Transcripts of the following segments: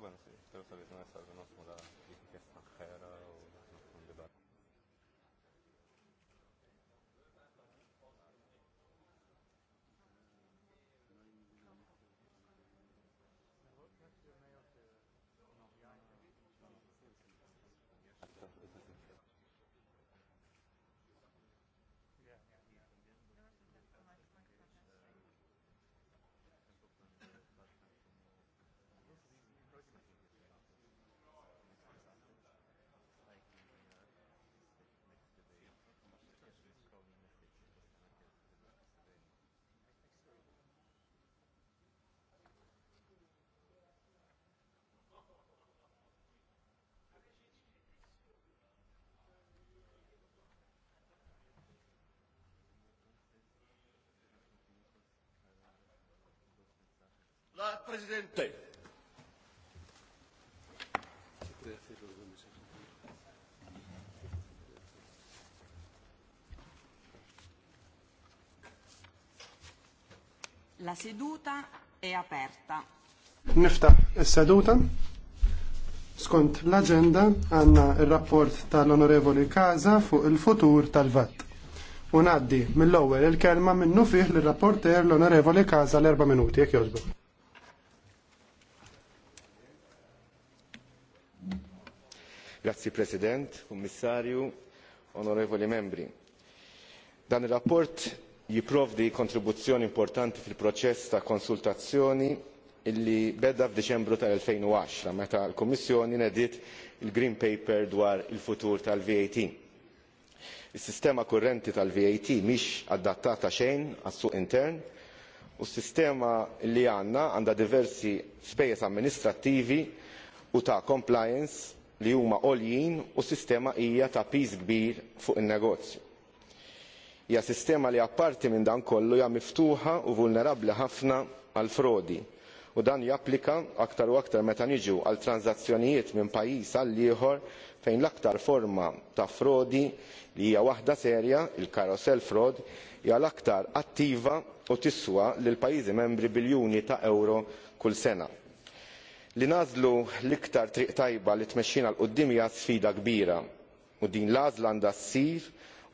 Bueno, sí, pero sabes, no es algo, no es como la inquesta, jera o... La Presidente. La seduta è aperta. Nifta is-seduta. Skont l-agenda għanna il-rapport tal-Onorevoli Kaza fuq il-futur tal-VAT. Unaddi mill-ewwel il-kelma minnu fih l-rapporter l-Onorevoli Kaza l-erba' minuti jekk jogħġbu. Grazzi President, Kummissarju, Onorevoli Membri. Dan ir-rapport jipprovdi kontribuzzjoni importanti fil-proċess ta' konsultazzjoni illi beda f'Diċembru tal-2010 meta l-Kummissjoni nedit il-Green Paper dwar il-futur tal-VAT. Is-sistema kurrenti tal-VAT mhix adattata xejn għas-suq intern u s-sistema li għandna għandha diversi spejjeż amministrattivi u ta' compliance li huma għoljin u sistema hija ta' piż kbir fuq in-negozju. Hija sistema li apparti minn dan kollu hija miftuħa u vulnerabbli ħafna għal frodi u dan japplika aktar u aktar meta niġu għal tranzazzjonijiet minn pajjiż għal ieħor fejn l-aktar forma ta' frodi li hija waħda serja, il-carousel fraud, hija l-aktar attiva u tiswa lil pajjiżi membri biljuni ta' euro kull sena. Li nażlu l-iktar triq tajba li tmexxina l qudiem hija sfida kbira u din l-għażla għandha ssir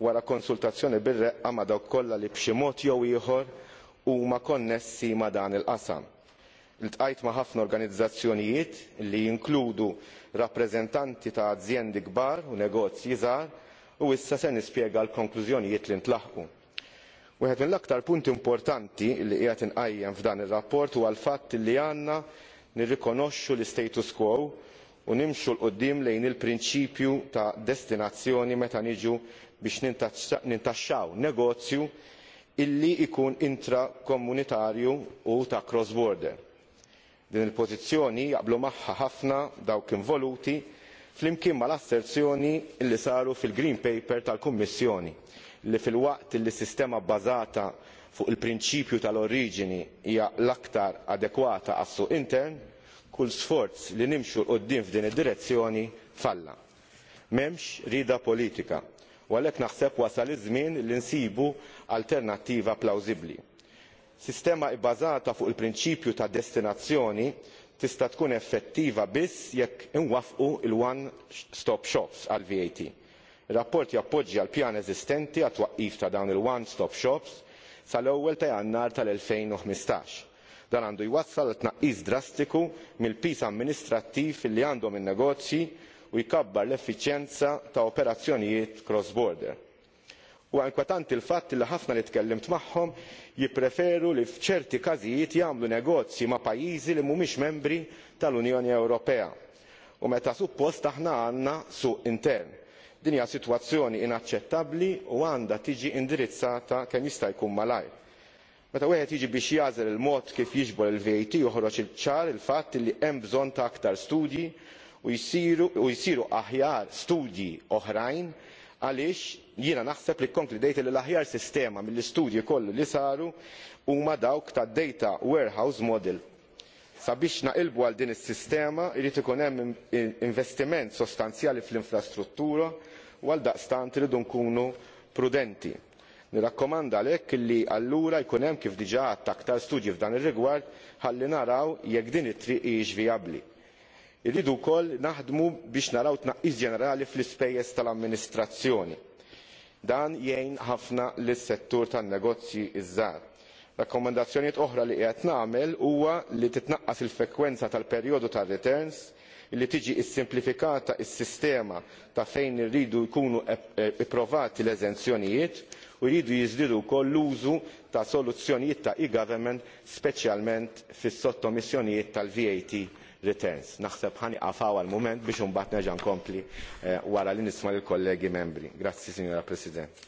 wara konsultazzjoni bir-reqqa ma' dawk kollha li b'xi mod jew ieħor huma konnessi ma' dan il-qasam iltqajt ma' ħafna organizzazzjonijiet li jinkludu rappreżentanti ta' aziendi kbar u negozji żgħar u issa se nispjega l-konklużjonijiet li ntlaħqu. Wieħed mill-aktar punti importanti li qiegħed inqajjem f'dan ir-rapport huwa l-fatt li għandna nirrikonoxxu l-status quo u nimxu l qudiem lejn il-prinċipju ta' destinazzjoni meta niġu biex nintaxxaw negozju illi jkun intrakomunitarju u ta' cross border. Din il-pożizzjoni jaqblu magħha ħafna dawk involuti flimkien mal-asserzjoni li saru fil-Green Paper tal-Kummissjoni li fil-waqt s sistema bazata fuq il-prinċipju tal-oriġini hija l-aktar adekwata għas-suq intern, kull sforz li nimxu l qoddim f'din id-direzzjoni falla. M'hemmx rida politika, u għalhekk naħseb wasal iż-żmien li nsibu alternattiva plawsibbli. Sistema ibbażata fuq il-prinċipju ta' destinazzjoni tista' tkun effettiva biss jekk inwaffqu il-one stop shops għal VAT. Ir-rapport jappoġġja l-pjan eżistenti għat twaqqif ta' dawn il-one stop shops sal-ewwel ta' Jannar tal-2015. Dan għandu jwassal tnaqqis drastiku mill-pis amministrattiv li għandhom in-negozji u jkabbar l-effiċjenza ta' operazzjonijiet cross-border. U inkwetanti il-fatt li ħafna li tkellimt magħhom jippreferu li f'ċerti każijiet jagħmlu negozji ma' pajjiżi li mhumiex membri tal-Unjoni Ewropea. U meta suppost aħna għandna suq intern Din hija sitwazzjoni inaċċettabbli u għandha tiġi indirizzata kemm jista' jkun malajr. Meta wieħed jiġi biex jażel il-mod kif jiġbor il-VAT joħroġ il-ċar il-fatt li hemm bżonn ta' aktar studji u jsiru aħjar studji oħrajn għaliex jiena naħseb li konkludejt li l-aħjar sistema mill-istudji kollu li saru huma dawk tad-data warehouse model Sabiex naqilbu għal din is-sistema jrid ikun hemm investiment sostanzjali fl-infrastruttura u għal daqstant nkunu prudenti. Nirakkomanda għalhekk li allura jkun hemm kif diġà għadt aktar studji f'dan ir-rigward ħalli naraw jekk din it-triq hijiex vijabbli. Irridu wkoll naħdmu biex naraw tnaqqis ġenerali fl-ispejjeż tal-amministrazzjoni. Dan jgħin ħafna lis settur tan-negozji iż-żgħar rakkomandazzjonijiet oħra li qiegħed nagħmel huwa li titnaqqas il-frekwenza tal-perjodu tar-returns li tiġi ssimplifikata s-sistema ta' fejn irridu jkunu e-, e-, ipprovati l-eżenzjonijiet u jridu jiżdiedu wkoll l-użu ta' soluzzjonijiet ta' e-government speċjalment fis-sottomissjonijiet tal-VAT returns. Naħseb ħani għafaw għal mument biex imbagħad neġa' nkompli e, wara li nisma' lill-kollegi membri. Grazzi, Signora President.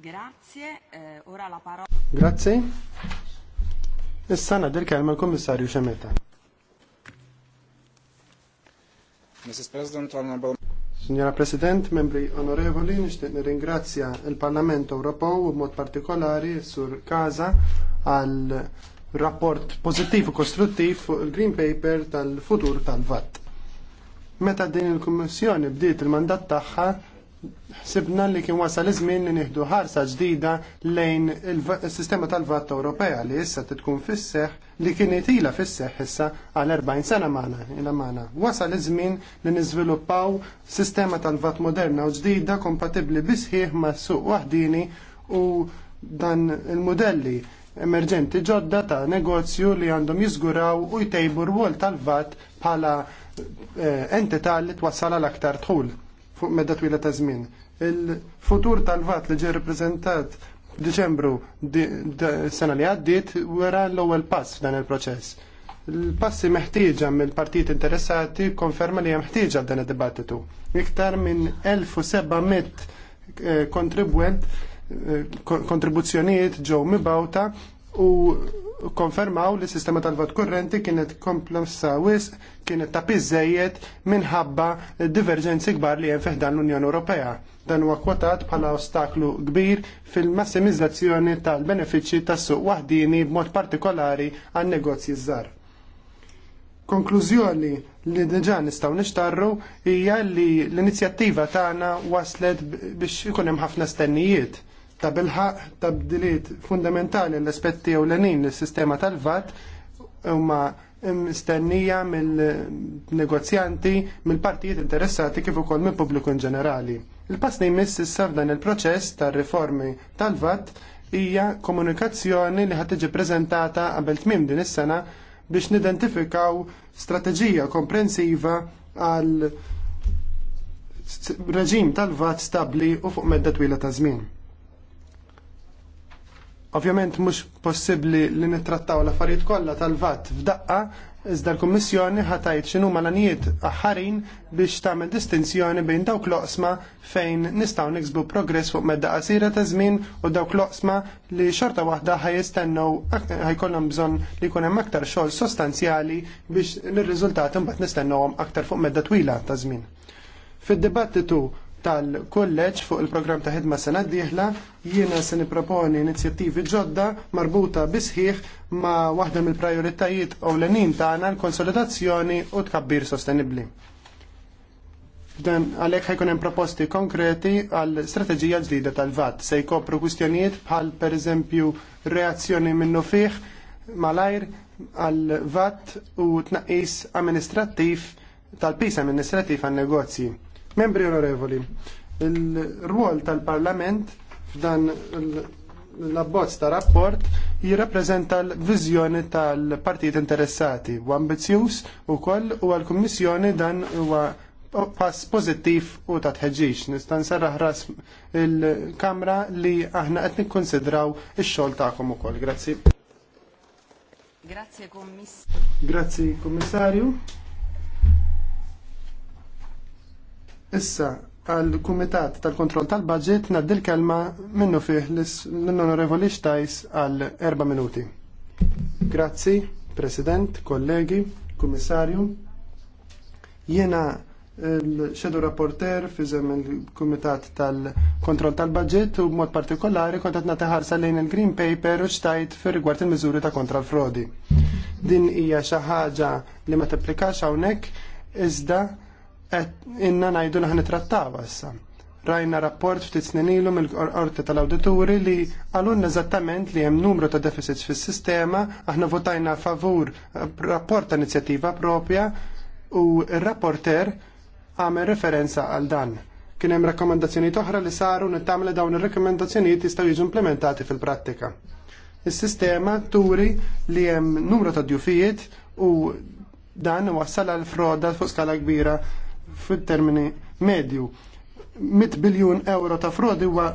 Grazie, eh, ora la parola. Grazie. Issa del kelma commissario kommissarju Mrs. President, Honorable Signora President, membri onorevoli, nixtieq nirringrazzja il-Parlament europeo in modo partikolari sur Kaza għal rapport pożittiv u kostruttiv fuq il-Green Paper tal-futur tal-VAT. Meta din il-Kummissjoni bdiet il-mandat tagħha Sibna li kien wasal iż-żmien li nieħdu ħarsa ġdida lejn il sistema tal-vatt Ewropea li issa titkun fis-seħħ li kien itila fis-seħħ issa għal 40 sena magħna ila magħna. Wasal iż-żmien li niżviluppaw sistema tal-vatt moderna u ġdida kompatibbli bisħieħ ma' suq waħdini u dan il-modelli emerġenti ġodda ta' negozju li għandhom jiżguraw u jtejbu r-wol tal-vatt bħala eh, entità li twassal għal aktar tħul fuq medda twila ta' żmien. Il-futur tal-vat li ġie rappreżentat Diċembru sena li għaddiet wera l-ewwel pass f'dan il-proċess. Il-passi meħtieġa mill-partit interessati konferma li hemm dan f'dan id-dibattitu. Iktar minn 1700 eh, kontribwent eh, kontribuzzjonijiet ġew mibawta u konfermaw li sistema tal-vot kurrenti kienet komplessa wisq kienet ta' pizzejiet minħabba divergenzi kbar li jenfeħ dan l-Unjoni Ewropea. Dan huwa kwotat bħala ostaklu kbir fil-massimizzazzjoni tal-benefiċċji tas-suq waħdini b'mod partikolari għan negozji żgħar. Konklużjoni li diġà nistgħu nixtarru hija li l-inizjattiva tagħna waslet biex ikun hemm ħafna stennijiet ta' bilħaq ta' bdiliet fundamentali l-aspetti u l-enin l-sistema tal-vat huma mistennija mill-negozjanti, mill-partijiet interessati kif ukoll mill-pubbliku in ġenerali. Il-pass li jmiss issa f'dan il-proċess tar-riformi tal-VAT hija komunikazzjoni li ħad tiġi preżentata qabel tmiem din is-sena biex nidentifikaw strateġija komprensiva għal reġim tal-vat stabli u fuq medda twila ta' żmien. Ovvjament mhux possibbli li nittrattaw l-affarijiet kollha tal-VAT f'daqqa, iżda l-Kummissjoni ħatajt x'inhu malanijiet aħħarin biex tagħmel distinzjoni bejn dawk l-oqsma fejn nistgħu niksbu progress fuq medda qasira ta' żmien u dawk l-oqsma li xorta waħda ħajistennew ħajkollhom bżonn li jkun hemm aktar xogħol sostanzjali biex nir-riżultati mbagħad nistennewhom aktar fuq medda twila ta' żmien. Fid-dibattitu tal-kulleġġ fuq il-programm ta' ħidma sena d-dieħla jiena se nipproponi inizjattivi ġodda marbuta bisħiħ ma' waħda mill-prioritajiet ewlenin tagħna l-konsolidazzjoni u tkabbir sostenibbli. Dan għalhekk ħajkun hemm proposti konkreti għal strateġija ġdida tal-VAT se jkopru kwistjonijiet bħal pereżempju reazzjoni minnu fih malajr għal VAT u tnaqqis amministrattiv tal-pis amministrattiv għan negozji Membri onorevoli, il ruol tal-Parlament f'dan l-abbozz ta' rapport jirrappreżenta l-viżjoni tal-partijiet interessati u ambizzjuż ukoll u għal-Kummissjoni dan huwa pass pozittiv u ta' tħeġġiġ. Nista' nserraħ ras il-kamra li aħna qed nikkonsidraw ix-xogħol tagħkom ukoll. Grazzi. Grazie, commiss Grazie commissario. Issa, għal kumitat tal-kontroll tal-budget naddil kelma minnu fih l-onorevoli Stajs għal erba minuti. Grazzi, President, kollegi, Kummissarju. Jena eh, l-xedu rapporter fizem il-Kumitat tal-Kontroll tal-Budget u mod partikolari kontat nataħarsa lejn il-Green Paper u xtajt fir rigward il-mizuri ta' kontra l-frodi. Din hija xi ħaġa li ma tapplikax hawnhekk iżda inna najdu naħni trattava issa. Rajna rapport ftit snenilu mill-qorti tal-awdituri li għalun eżattament li hemm numru ta' deficits fis-sistema, aħna votajna favur eh, rapport ta' inizjattiva propja u r-rapporter għamel referenza għal dan. Kien hemm rakkomandazzjonijiet oħra li saru nittamle dawn ir-rakkomandazzjonijiet jistgħu jiġu implementati fil-prattika. Is-sistema turi li hemm numru ta' djufijiet u dan wassal għal froda fuq skala kbira fil-termini medju. 100 biljun euro ta' frodi huwa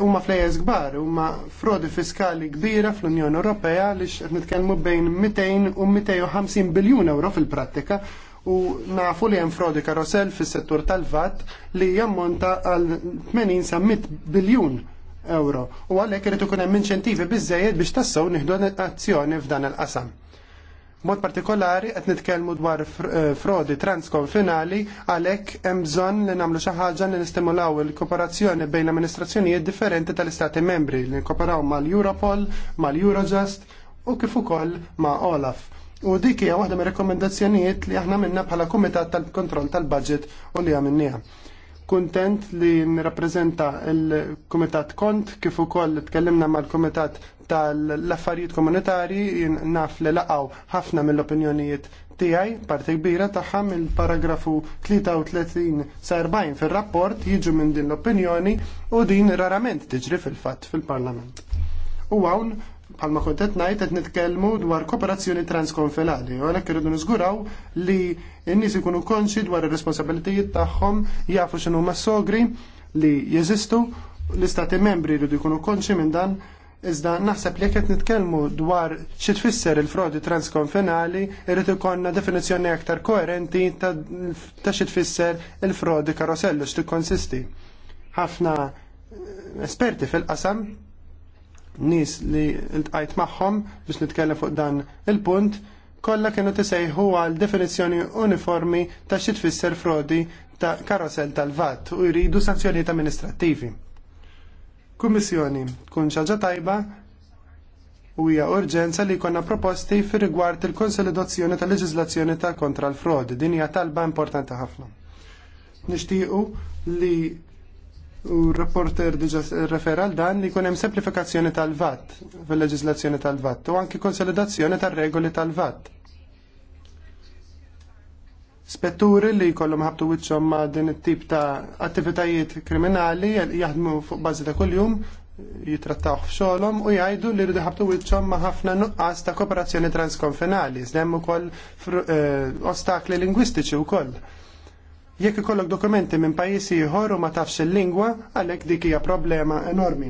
huma flejes kbar, huma frodi fiskali kbira fl-Unjoni Ewropea li qed nitkellmu bejn 200 u 250 biljun euro fil-prattika u nafu li hemm frodi karosel fis-settur tal-vat li jammonta għal 80 sa 100 biljun euro u għalhekk irid ikun hemm inċentivi biżejjed biex tassew nieħdu azzjoni f'dan il-qasam. Mod partikolari qed nitkellmu dwar eh, frodi transkonfinali għalhekk hemm bżonn li nagħmlu xi ħaġa li nistimulaw il-kooperazzjoni bejn l-amministrazzjonijiet differenti tal-Istati membri li nkoperaw mal-Europol, mal-Eurojust u kif ukoll ma' Olaf. U dik hija waħda mir-rekomendazzjonijiet li aħna minna bħala Kumitat tal-Kontroll tal-Budget u li għamilniha kuntent li nirrappreżenta il-Kumitat Kont kif ukoll tkellimna mal-Kumitat tal-affarijiet komunitarji naf li laqgħu ħafna mill-opinjonijiet tiegħi parti kbira tagħha mill-paragrafu 33 sa 40 fir-rapport jiġu minn din l-opinjoni u din rarament tiġri fil-fatt fil-Parlament. U hawn Palma kontet najt qed nitkellmu dwar kooperazzjoni transkonfinali, u għalhekk irridu niżguraw li n-nies ikunu konxi dwar ir-responsabilitajiet tagħhom jafu x'inhu mas-sogri li jeżistu l-istati membri jridu jkunu konxi minn dan Iżda naħseb li qed nitkellmu dwar xi tfisser il-frodi transkonfinali, irid ikonna definizzjoni aktar koerenti ta' xi tfisser il-frodi karosellu x'tikkonsisti. Ħafna eh, esperti fil-qasam nis li l-tqajt magħhom biex nitkellem fuq dan il-punt, kollha kienu tisejħu għal definizzjoni uniformi ta' xi tfisser frodi ta' karosel tal-VAT u jridu sanzjonijiet amministrativi. Kummissjoni kun xaġa tajba u hija urġenza li jkollna proposti fir rigward il-konsolidazzjoni tal leġiżlazzjoni ta' kontra l-frodi. Din hija talba importanti ħafna. Nixtiequ li U rapporter diġa referra għal dan li kunem semplifikazzjoni tal-VAT, fil-leġislazzjoni tal-VAT, u anki konsolidazzjoni tal-regoli tal-VAT. Spetturi li kollu ħabtu wicċom ma' din it-tip ta' attivitajiet kriminali jaħdmu fuq bażi ta' kuljum, jitrattaw xolom u jgħidu li rridu ħabtu wicċom ma' ħafna nuqqas ta' kooperazzjoni transkonfinali, zdemmu kol eh, ostakli lingwistiċi u koll Jekk ikollok dokumenti minn pajjiżi ieħor u ma tafx il-lingwa, għalhekk dik hija problema enormi.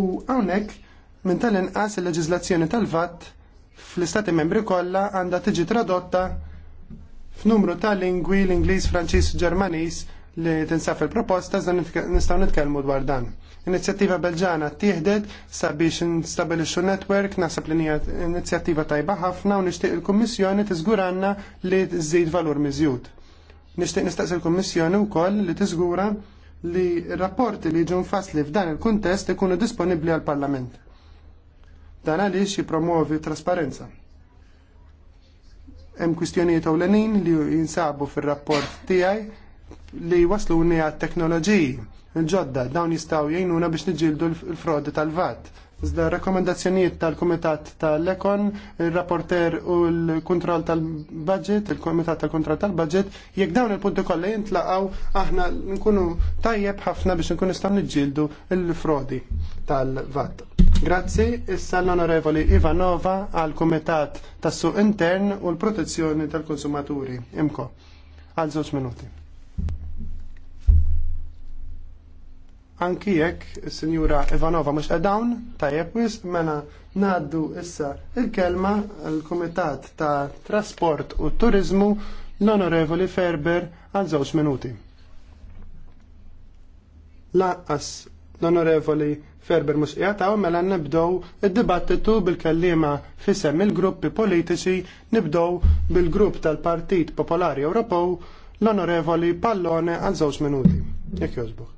U hawnhekk minn tal-inqas il-leġiżlazzjoni tal-VAT fl-istati membri kollha għandha tiġi tradotta f'numru ta' lingwi l-Ingliż, Franċiż, Ġermaniż li tinsaf il-proposta iżda nistgħu nitkellmu dwar dan. Inizjattiva Belġana tieħdet sabiex nstabilixxu netwerk naħseb li hija inizjattiva tajba ħafna u nixtieq il-Kummissjoni tiżguranna li tżid valur miżjud. Nixtieq nistaqsi l-Kummissjoni wkoll li tiżgura li r-rapporti li ġun nfassli f'dan il-kuntest ikunu disponibbli għall parlament Dan għaliex jipromuovi trasparenza. Hemm kwistjonijiet ewlenin li jinsabu fir-rapport tiegħi li waslu wasluni għat teknoloġiji il-ġodda dawn jistgħu jgħinuna biex niġildu l-frodi tal-vat Iżda rakkomandazzjonijiet tal-Kumitat tal-Ekon, il-rapporter u l-kontroll tal-budget, il-Kumitat tal-kontroll tal-budget, jekk dawn il-punti kollha jintlaqgħu aħna nkunu tajjeb ħafna biex nkunu nistgħu niġġieldu l-frodi tal-VAT. Grazzi, issa l-Onorevoli Ivanova għal-Kumitat tas-Suq Intern u l-Protezzjoni tal-Konsumaturi. Imko, għal żewġ minuti. anki jekk is-Sinjura Ivanova mhux qed dawn tajjeb wis mela ngħaddu issa il-kelma l-Kumitat ta' Trasport u Turizmu l-Onorevoli Ferber għal żewġ minuti. Laqqas l-Onorevoli Ferber mhux jagħtaw mela nibdew id-dibattitu bil-kellima fisem il-gruppi politiċi nibdew bil-grupp tal-Partit Popolari Ewropew l-Onorevoli Pallone għal żewġ minuti. Jekk jogħġbok.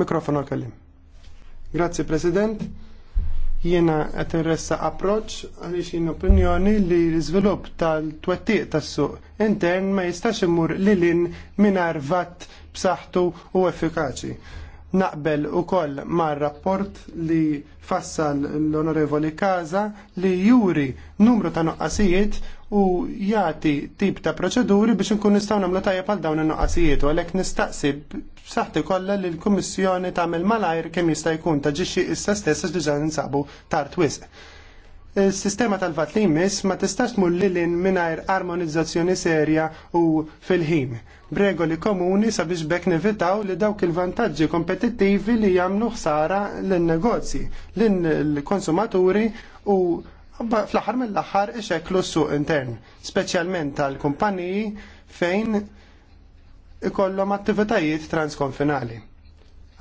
Mikrofon għal-kellim. Grazzi, President. Jiena qed irressa approċċ għaliex jien opinjoni li l-iżvilupp tal-twettiq tas-suq intern ma jistax imur lilin mingħajr vatt b'saħħtu u effikaċi. Naqbel u koll mar rapport li fassal l-onorevoli Kaza li juri numru ta' noqqasijiet u jati tip ta' proċeduri biex nkun nistgħu nagħmlu tajjeb għal dawn il noqqasijiet u għalhekk nistaqsib saħti kollha li l-Kummissjoni tagħmel malajr kemm jista' jkun ta' ġixxi issa stess għax diġà nsabu tard wisq. Is-sistema tal-vat li jmiss ma tistax tmur lilin mingħajr armonizzazzjoni serja u fil-ħin b'regoli komuni sabiex bekk nevitaw li dawk il-vantaġġi kompetittivi li jagħmlu ħsara lin-negozji, lin-konsumaturi u fl-aħħar mill-aħħar ixeklu s-suq intern, speċjalment tal-kumpaniji fejn ikollhom attivitajiet transkonfinali.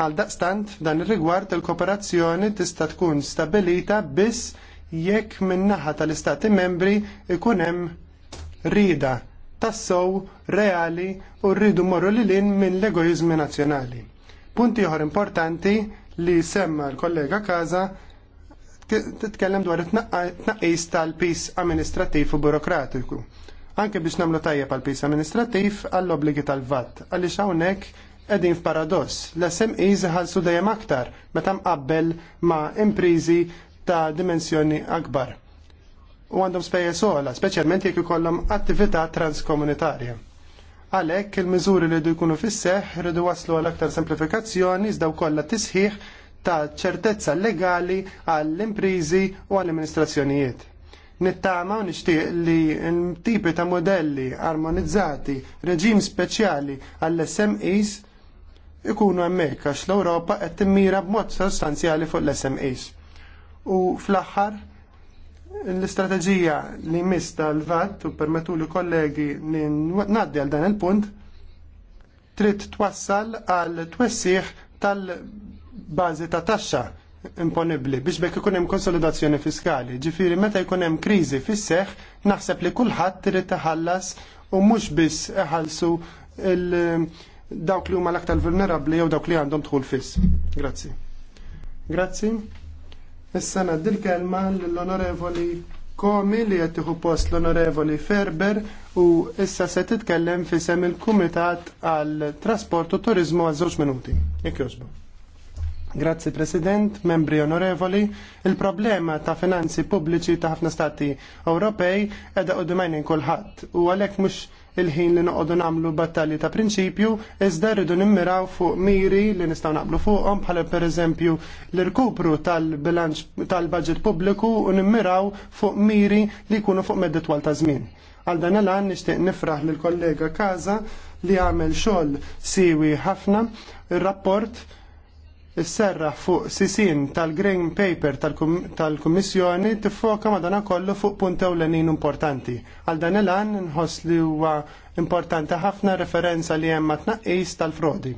Għal daqstant, dan ir-rigward il-kooperazzjoni tista' tkun stabilita biss jekk min-naħa tal-istati membri ikun hemm rida tassow reali u rridu morru li lin minn l-egoizmi nazzjonali. Punti oħor importanti li semma l-kollega Kaza titkellem dwar it-tnaqqis tal-pis amministrattiv u burokratiku. Anke biex namlu tajjeb għal pis amministrattiv għall-obligi tal-VAT, għaliex hawnhekk edin f'paradoss. L-SMEs ħalsu dejjem aktar meta mqabbel ma' imprizi ta' dimensjoni akbar u għandhom spejjeż sola, speċjalment jekk ikollhom attività transkomunitarja. Għalhekk il-miżuri li jdu jkunu fis-seħħ rridu waslu għal aktar semplifikazzjoni iżda wkollha tisħiħ ta' ċertezza legali għall-imprizi u għall-amministrazzjonijiet. Nittama u nixtieq li tipi ta' modelli armonizzati, reġim speċjali għall-SMEs ikunu hemmhekk għax l-Ewropa qed timmira b'mod sostanzjali fuq l-SMEs. U fl-aħħar L-istrateġija li mis tal-VAT u permetu li kollegi li naddi għal dan il-punt trid twassal għal twessiħ tal-bażi ta' taxxa imponibli biex bekk ikun hemm konsolidazzjoni fiskali. Ġifieri meta jkun hemm kriżi fis naħseb li kulħadd irid iħallas u mhux biss iħallsu dawk li huma l-aktar vulnerabbli jew dawk li għandhom dħul fis. Grazzi. Grazzi. Issa naddi l-kelma l-onorevoli Komi li qed tieħu post l-onorevoli Ferber u issa se titkellem fisem il-Kumitat għal Trasport u Turizmu għal żewġ minuti. Jekk josbu. Grazzi President, membri onorevoli, il-problema ta' finanzi pubbliċi ta' ħafna stati Ewropej edha u kulħadd u għalhekk mhux il-ħin li noqogħdu nagħmlu battalji ta' prinċipju, iżda rridu nimmiraw fuq miri li nistgħu naqblu fuqhom bħala pereżempju l-irkupru tal-bilanċ tal-budget pubbliku u nimmiraw fuq miri li jkunu fuq medda twal ta' żmien. Għal dan l-għan nixtieq nifraħ lill kollega Kaza li għamel xogħol siwi ħafna, ir-rapport s-serra fuq sisin tal-Green Paper tal-Kummissjoni tal tiffoka madana kollu fuq punta ewlenin importanti. Għal dan il-għan nħos li huwa importanti ħafna referenza li hemm tnaqqis tal-frodi.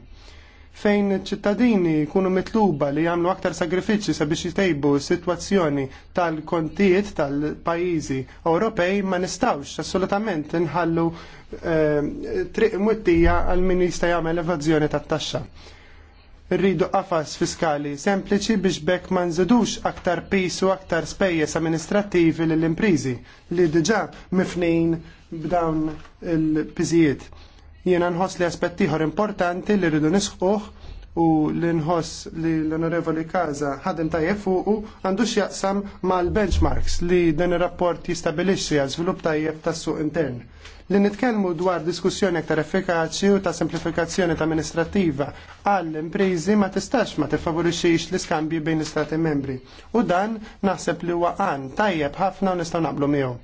Fejn ċittadini kunu mitluba li jagħmlu aktar sagrifiċċji sabiex jtejbu s-sitwazzjoni tal-kontijiet tal-pajjiżi Ewropej ma nistawx assolutament nħallu eh, triq mwittija għal min jista' jagħmel tat-taxxa rridu qafas fiskali sempliċi biex bekk ma nżidux aktar pis u aktar spejjeż amministrattivi lill impriżi li diġà mifnin b'dawn il-piżijiet. Jiena nħoss li aspett ieħor importanti li rridu nisħuh u l-inħoss li l-onorevoli Kaza ħadem tajjeb fuqu għandu x'jaqsam mal-benchmarks li dan ir-rapport jistabilixxi għal żvilupp tajjeb tas-suq intern. Li nitkellmu dwar diskussjoni aktar effikaċi u ta' semplifikazzjoni ta' amministrativa għall imprizi ma tistax ma tiffavorixxix l-iskambji bejn l-istati membri. U dan naħseb li huwa għan tajjeb ħafna u nistgħu naqblu miegħu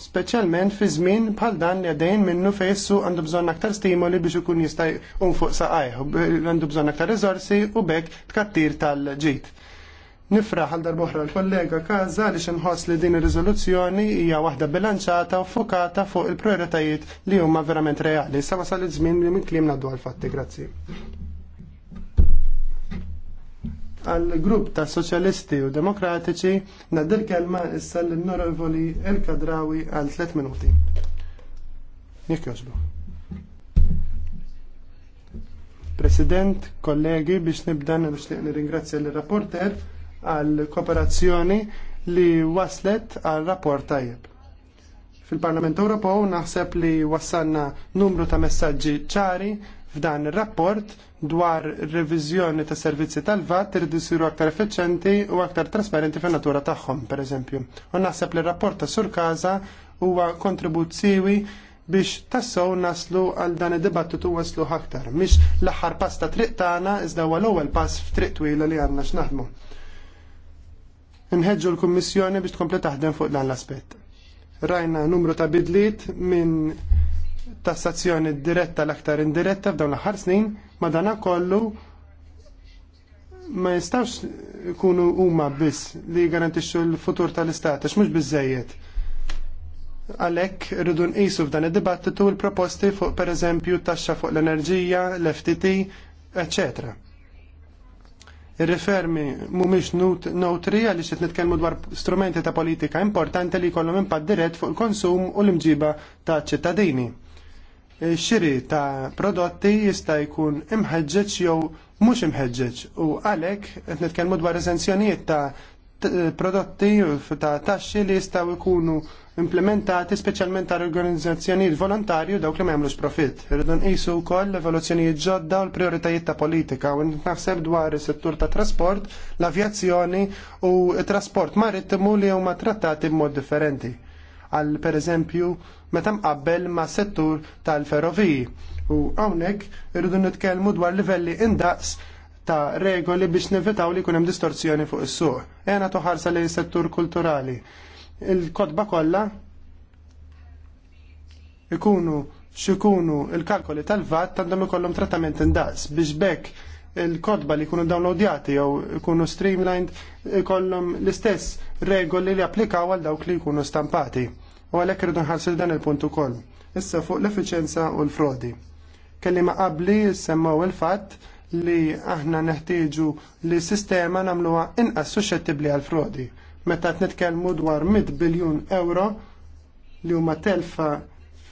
speċjalment fi żmien bħal dan li għadejn minnu fejsu għandu bżonn aktar stimoli biex ikun jista' jqum fuq saqajh, għandu bżonn aktar riżorsi u bekk tkattir tal-ġid. Nifra għal darbohra l-kollega Kaza li xinħos li din ir-riżoluzzjoni hija waħda bilanċata u fokata fuq il-prioritajiet li huma verament reali. Sama sal iż-żmien li minn klimna dwar għal-fatti. Grazzi għal-grupp ta' Soċjalisti u Demokratiċi nadir kelma issa l-Norevoli il kadrawi għal 3 minuti. Jekk joġbu. President, kollegi, biex nibda nixtieq nirringrazzja l-rapporter għal kooperazzjoni li waslet għal rapport tajjeb. Fil-Parlament Ewropew naħseb li wassalna numru ta' messaġġi ċari f'dan ir-rapport dwar revizjoni ta' servizzi tal-VAT irridu jsiru aktar effiċenti u aktar trasparenti fin-natura tagħhom, pereżempju. U naħseb li r-rapport ta' Sur Kaza huwa kontribut siwi biex tassew naslu għal dan id-dibattitu waslu aktar. Mhix l-aħħar pass ta' triq tagħna iżda huwa l-ewwel pass f'triq twila li għandna x'naħdmu. Nħeġġu l-Kummissjoni biex tkompli taħdem fuq dan l-aspett. Rajna numru ta' bidliet minn tassazzjoni diretta l-aktar indiretta f'dawn l-aħħar snin, ma dana kollu ma jistawx ikunu huma biss li garantixxu l-futur tal-istat, għax mhux biżejjed. Għalhekk irridu nqisu f'dan id-dibattitu l-proposti fuq pereżempju taxxa fuq l-enerġija, l-FTT, eċċetera. Ir-rifermi mhumiex neutri għaliex qed nitkellmu dwar strumenti ta' politika importanti li jkollhom impatt dirett fuq il-konsum u l-imġiba ta' ċittadini xiri ta' prodotti jista' jkun imħeġġeġ jew mhux imħeġġeġ u għalhekk qed nitkellmu dwar eżenzjonijiet ta' prodotti ta' taxxi li jistgħu jkunu implementati speċjalment ta' organizzazzjonijiet volontarju dawk li ma jagħmlux profitt. Irridu nqisu wkoll l-evoluzzjonijiet ġodda u l-prijoritajiet ta' politika u naħseb dwar is-settur ta' trasport, l-avjazzjoni u t trasport marittimu li huma trattati b'mod differenti għal pereżempju meta mqabbel ma' settur tal-ferroviji. U hawnhekk irridu nitkellmu dwar livelli indaqs ta' regoli biex nevitaw li kunem distorsjoni fuq is-suq. Ena toħarsa lejn settur kulturali. il kotba kollha ikunu xikunu il-kalkoli tal-vat għandhom ikollhom trattament indaqs biex bekk il-kodba li jkunu downloadjati jew ikunu streamlined ikollhom l-istess regoli li applikaw għal dawk li jkunu stampati. U għalhekk irridu nħarsil dan il-punt ukoll. Issa fuq l-effiċenza u l-frodi. Kelli ma qabli semmaw il-fatt li aħna neħtieġu li sistema nagħmluha inqas suscettibbli għal frodi. Meta qed nitkellmu dwar 100 biljun euro li huma telfa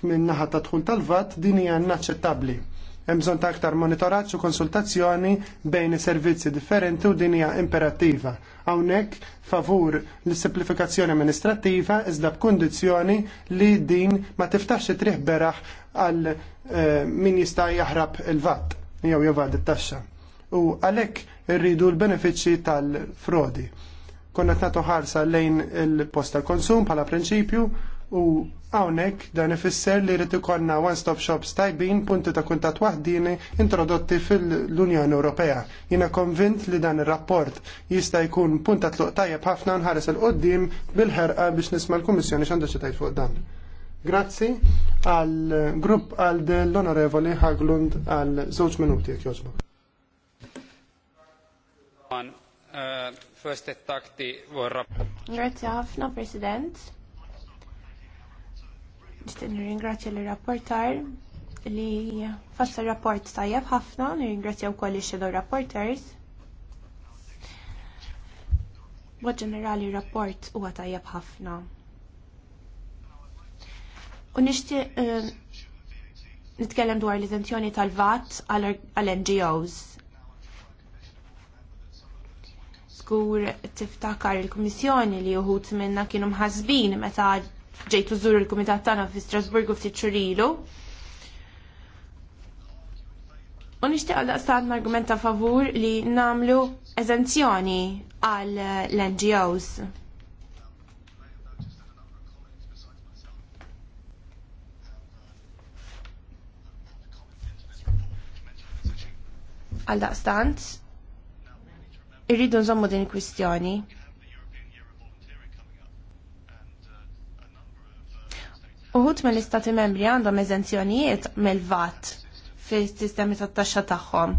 minn naħa ta' tħul tal-vat din hija naċċettabbli. Hemm bżonn ta' aktar monitoraġġ u konsultazzjoni bejn servizzi differenti u din hija imperattiva. Hawnhekk favur l-simplifikazzjoni amministrattiva iżda b'kundizzjoni li din ma tiftax triħ beraħ għal eh, min jista' jaħrab il-vat jew jevad it-taxxa. U għalhekk irridu l-benefiċċji tal-frodi. Konna tnatu ħarsa lejn il-post tal-konsum bħala prinċipju u hawnhekk dan ifisser li jrid ikollna one-stop shops tajbin punti ta' kuntat waħdini introdotti fil-Unjoni Ewropea. Jiena konvint li dan ir-rapport jista' jkun punta tluq tajjeb ħafna nħares il qoddim bil-ħerqa biex nisma' l kommissjoni x'għandu xitajt fuq dan. Grazzi għal grupp għal l-onorevoli ħaglund għal żewġ minuti jekk jogħġbok. Eh, Grazzi ħafna, President. Nixtieq nirringrazzja l-rapportar li fassa rapport tajjeb ħafna, nirringrazzja wkoll ix-shadow rapporters. Mod ġenerali rapport huwa tajjeb ħafna. U nixtieq eh, nitkellem dwar l-izenzjoni tal-VAT għal-NGOs. Skur tiftakar il-Kummissjoni li uħut minna kienu mħazbin meta ġejtu żur il-Kumitat tagħna fi Strasburgu ftit xurilu. U nixtieq daqstant n-argumenta favur li namlu eżenzjoni għal l-NGOs. Għal daqstant, irridu nżommu din il-kwistjoni. xuħut mill-istati membri għandhom eżenzjonijiet mill-VAT fil-sistemi tat-taxxa tagħhom.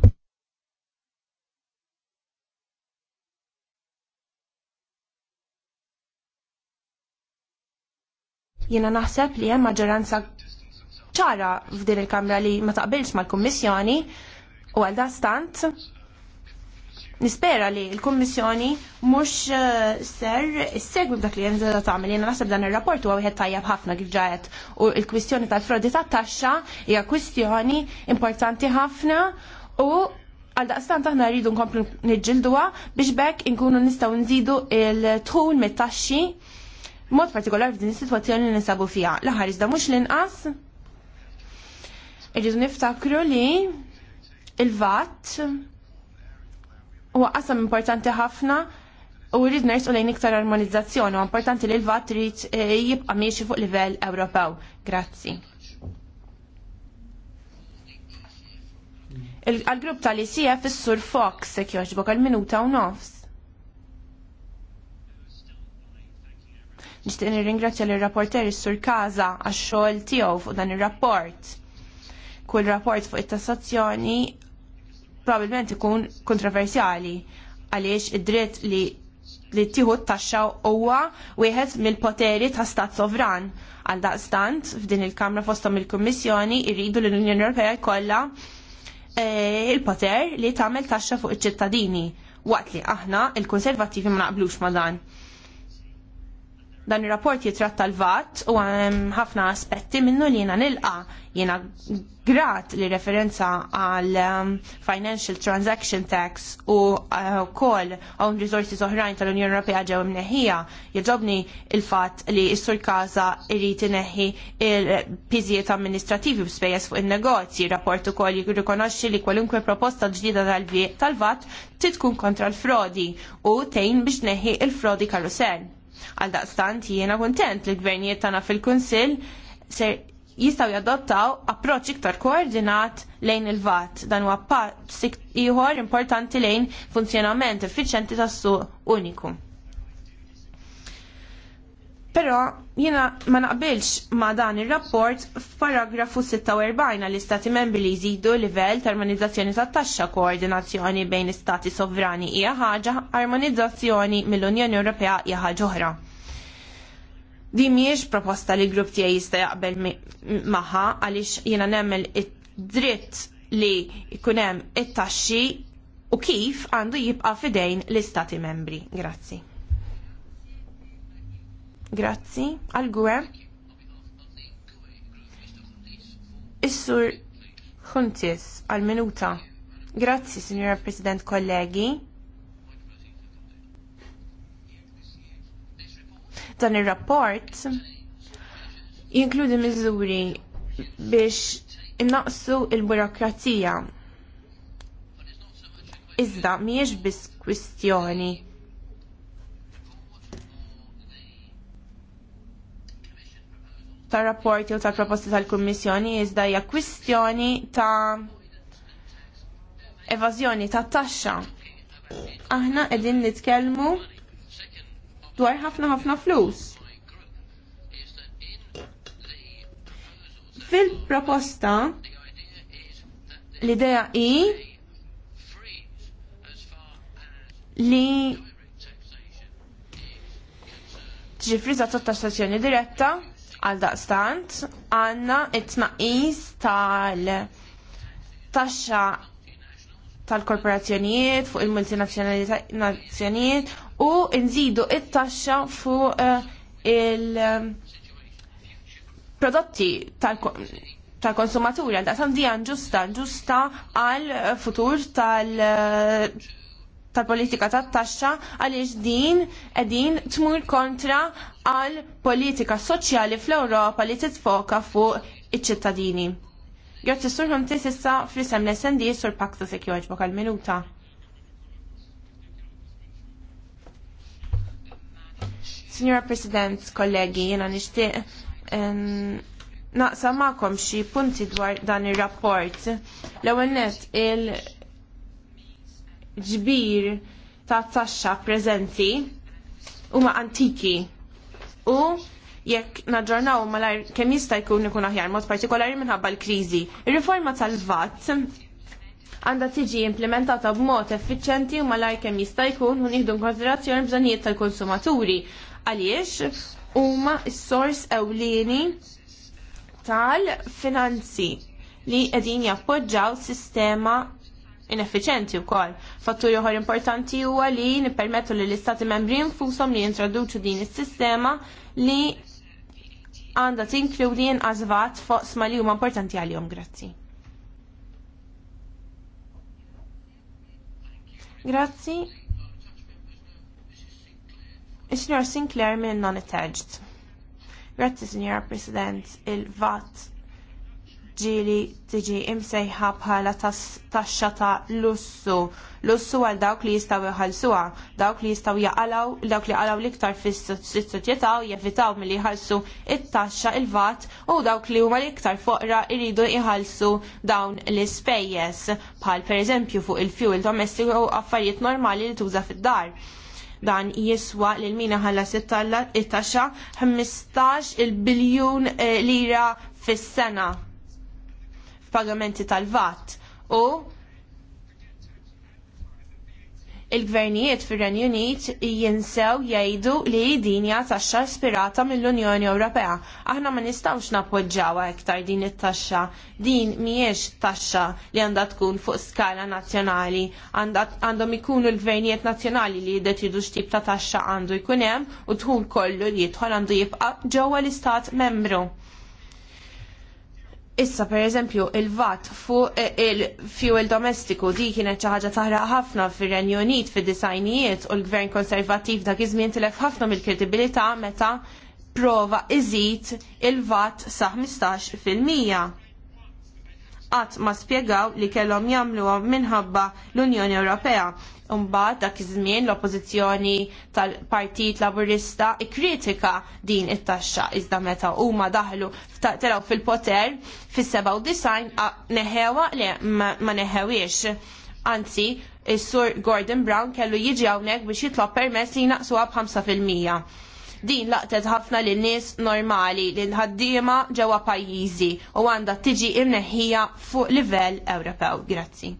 Jiena naħseb li hemm maġġoranza ċara f'din il-Kamra li ma taqbilx mal-Kummissjoni u għal stant nispera li l-Kommissjoni mhux eh, ser issegwi b'dak li ta' tagħmel jiena naħseb dan ir-rapport huwa wieħed tajjeb ħafna kif ġajet u l-kwistjoni tal-frodi tat-taxxa hija kwistjoni importanti ħafna u għal daqstant aħna rridu nkomplu niġġilduha biex bekk inkunu nistgħu nżidu il-tħun mit-taxxi mod partikolari f'din is-sitwazzjoni li nisabu fiha. L-aħħar iżda mhux l-inqas irridu niftakru li il vatt huwa qasam importanti ħafna u rrid u lejn iktar armonizzazzjoni u importanti li l-VAT trid eh, jibqa' miexi fuq livell Ewropew. Grazzi. Għal-grupp tal-ICF is-Sur Fox se jogħġbok għal-minuta u nofs. Nixtieq nirringrazzja l rapporter is-Sur Kaza għax-xogħol tiegħu fuq dan ir-rapport. Kull rapport fuq it-tassazzjoni Probabilment ikun kontroversjali għaliex id-dritt li li tieħu t-taxxa huwa wieħed mill-poteri ta' stat sovran. Għal daqstant f'din il-Kamra fosthom il-Kummissjoni jridu li l-Unjoni Ewropea jkollha e, il-poter li tagħmel taxxa fuq iċ-ċittadini waqt li aħna il konservattivi ma naqblux ma dan. Dan ir rapport jitratta l-vat u hemm ħafna aspetti minnu li jiena nilqa jiena grat li referenza għal um, Financial Transaction Tax u uh, kol hawn resources oħrajn tal-Unjoni Ewropea ġew imneħħija. Jġobni il-fatt li s-sur Kaza irid ineħħi il pizijiet amministrativi b'spejjeż fuq in-negozji. Rapport ukoll jirrikonoxxi li kwalunkwe proposta ġdida tal-VAT titkun kontra l-frodi u tejn biex neħi il-frodi karusell. Għal daqstant jiena kuntent li gvernijiet tagħna fil-Kunsill jistgħu jadottaw approċċ iktar koordinat lejn il-VAT. Dan huwa pass ieħor importanti lejn funzjonament effiċjenti tas-suq uniku. Però jiena ma naqbilx ma dan ir-rapport f'paragrafu 46 li istati membri li jżidu livell ta' armonizzazzjoni tat taxxa koordinazzjoni bejn istati sovrani hija ħaġa, armonizzazzjoni mill-Unjoni Ewropea hija ħaġa oħra. Di miex proposta li grupp tiegħi jista' jaqbel magħha għaliex jiena nemmel id-dritt li jkun hemm it-taxxi u kif għandu jibqa' fidejn l-istati membri. Grazzi. Grazzi għal gwe. Is-sur Huntis għal minuta. Grazzi, Signora President, kollegi. dan ir-rapport jinkludi miżuri biex innaqsu il-burokrazija. Iżda mhijiex biss kwistjoni ta' rapport u ta' proposti tal-Kummissjoni iżda hija kwistjoni ta' evażjoni ta' taxxa. Aħna qegħdin nitkellmu dwar ħafna ħafna flus. Fil-proposta l-idea hi li ġifriza ta' tassazzjoni diretta għal daqstant għanna it naqis tal taxxa tal-korporazzjonijiet fuq il-multinazzjonijiet u nżidu it-taxxa fuq eh, il-prodotti tal-konsumaturi għal sandija di ġusta ġusta għal futur tal- tal-politika tat-taxxa għaliex din qegħdin tmur kontra għal politika soċjali fl-Ewropa li titfoka fuq iċ-ċittadini. Grazzi sur ħamtis s'issa fl-isem l-SND sur pakta se kjoġbok għal-minuta. Signora President, kollegi, jena nishtiq naqsa maqom xi punti dwar dan ir-rapport. L-ewwel il ġbir ta' taxxa preżenti huma antiki u jekk naġġornaw malajr kemm jista' jkun ikun aħjar mod partikolari minħabba l-kriżi. Ir-riforma tal-VAT għandha tiġi implementata b'mod effiċjenti u malajr kemm jista' jkun u nieħdu konsiderazzjoni bżonnijiet tal-konsumaturi għaliex huma s-sors ewlieni tal-finanzi li qegħdin jappoġġaw sistema ineffiċenti wkoll. Fattur oħor importanti huwa li nippermettu li l-istati membri nfushom li jintroduċu din is-sistema li għandha tinkludi inqasvat fuq sma li huma importanti għalihom grazzi. Grazzi. Signor Sinclair minn non attached. Grazzi, Signor President, il-VAT ġieli tiġi imsejħa bħala taxxa ta' lussu. Lussu għal dawk li jistgħu jħallsuha, dawk li jistgħu jaqalaw, dawk li l liktar fis-soċjetà u jevitaw milli jħallsu it-taxxa il-vat u dawk li huma l-iktar foqra jridu jħallsu dawn l-ispejjeż bħal pereżempju fuq il-fjuwil domestiku u affarijiet normali li tuża fid-dar dan jiswa lil mina ħalla it-taxxa 15 il-biljun eh, lira fis-sena pagamenti tal-VAT u il-gvernijiet fir-Renju Unit jinsew jgħidu li dinja taxxa ispirata mill-Unjoni Ewropea. Aħna ma nistgħux nappoġġaw iktar din it-taxxa. Din mhijiex taxxa li għandha tkun fuq skala nazzjonali. Għandhom ikunu l-gvernijiet nazzjonali li jiddeċidu x'tip ta' taxxa għandu jkun hemm u dħul kollu li jidħol għandu jibqa' ġewwa l-istat membru. Issa per eżempju il-vat fuq eh, il-fuel domestiku di kienet xi ħaġa taħraq ħafna fir-Renju Unit fid-disajnijiet u l-Gvern Konservattiv dak iż-żmien tilef ħafna mill-kredibilità meta prova iżid il-vat sa 15 fil-mija. Qatt ma spjegaw li kellhom jagħmluha minħabba l-Unjoni Ewropea Imbagħad dak iż-żmien l-oppożizzjoni tal-Partit Laburista ikkritika din it-taxxa iżda meta huma daħlu taraw fil-poter fis-97 neħewa le ma neħewiex. Anzi, is-sur Gordon Brown kellu jiġi hawnhekk biex jitlob permess li jnaqsuha b'5 din laqtet ħafna lin nies normali li nħaddiema ġewwa pajjiżi u għandha tiġi imneħħija fuq livell Ewropew. Grazzi.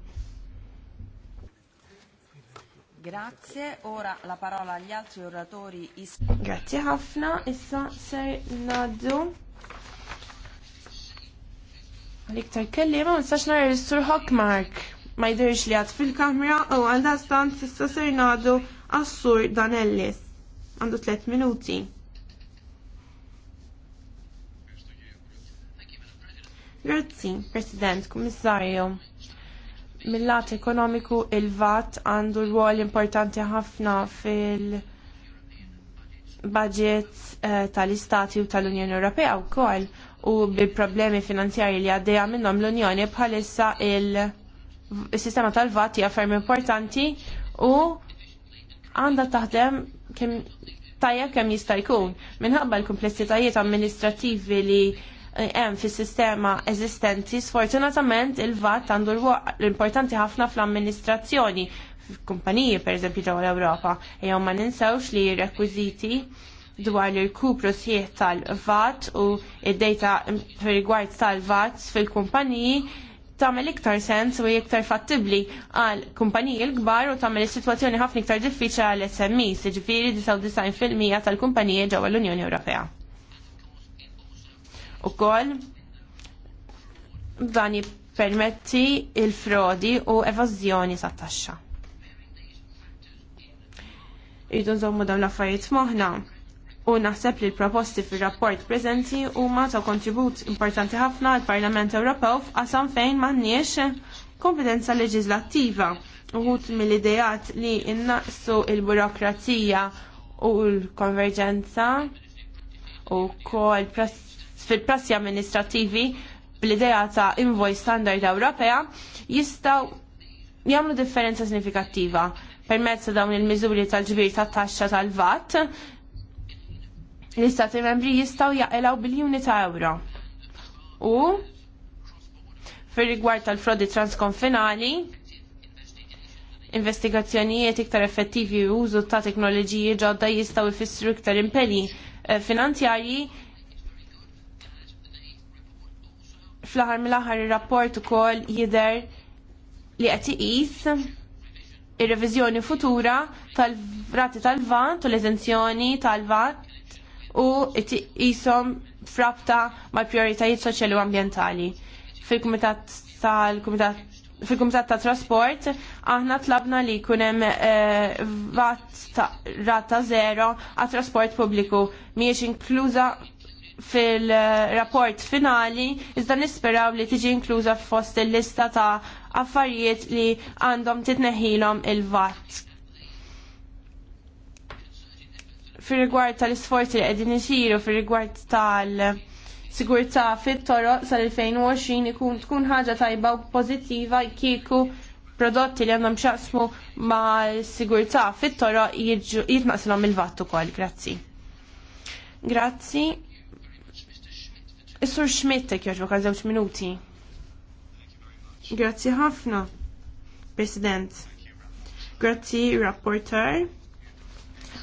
Grazie, ora la parola agli altri oratori. Grazie ħafna, issa ser nadu. L-iktar kellima, ma nistax nara l-istur Hockmark. Ma jidirx li għad fil-kamra u għal dastan issa ser nadu għassur Danellis. Għandu 3 minuti. Grazie, President, Commissario mill-lat ekonomiku il-VAT għandu rwol importanti ħafna fil-budget eh, tal-Istati u tal-Unjoni Ewropea wkoll u bil-problemi finanzjarji li għaddejja minnhom l-Unjoni bħalissa il-sistema tal-VAT hija ferm importanti u għandha taħdem tajjeb kemm jista' jkun minħabba l-komplessitajiet amministrattivi li hemm fis-sistema eżistenti, sfortunatament il-VAT għandu l-importanti ħafna fl-amministrazzjoni kumpaniji eżempju ġewwa l-Ewropa. Ejjew ma ninsewx li r-rekwiżiti dwar l-irkupru sħiħ tal-VAT u id-data rigward tal-VAT fil-kumpaniji tagħmel iktar sens u iktar fattibbli għal kumpaniji l-kbar u tagħmel is-sitwazzjoni ħafna iktar diffiċli għal SMEs, jiġifieri 99% tal-kumpaniji ġewwa l-Unjoni Ewropea kol dan jippermetti il-frodi u evażjoni sa' taxxa. Irridu nżommu dawn l-affarijiet moħħna u naħseb li l-proposti fir-rapport preżenti huma ta' kontribut importanti ħafna għall parlament Ewropew f'qasam fejn m'għandniex kompetenza leġislattiva uħut mill-idejat li innaqsu il-burokrazija u l-konverġenza u kol prassi fil-prassi amministrativi bl-idea ta' invoice standard Ewropea jistaw jagħmlu differenza sinifikattiva permezz ta' dawn il-miżuri tal-ġbir tat taxxa tal-VAT l-istati membri jistaw jaqelaw biljuni ta' euro. U fir rigward tal-frodi transkonfinali investigazzjonijiet iktar effettivi u użu ta' teknoloġiji ġodda jistaw ifissru iktar impeli eh, finanzjarji Fl-aħħar mill-aħħar ir-rapport ukoll jidher li qed iqis ir-reviżjoni futura tal vrati tal-vant u l-eżenzjoni tal-vant u jisom frabta mal prioritajiet soċjali u ambjentali. Fil-Kumitat tal-Kumitat fil-Kumitat ta' Trasport, aħna tlabna li kunem eh, vat ta' rata zero għat trasport publiku miex inkluza fil-rapport finali, iżda nisperaw li tiġi inkluża fost il-lista ta' affarijiet li għandhom titneħilhom il-VAT. Fir-rigward tal-isforzi li qegħdin isiru fir-rigward tal- sigurtà fit-toroq sal-2020 ikun tkun ħaġa tajba u pożittiva kieku prodotti li għandhom xaqsmu ma' sigurtà fit-toroq jitnaqsilhom il-vattu ukoll. Grazzi. Grazzi. Is-sur Schmidt jgħu għal zewċ minuti. Grazzi ħafna, President. Grazzi, Rapporteur.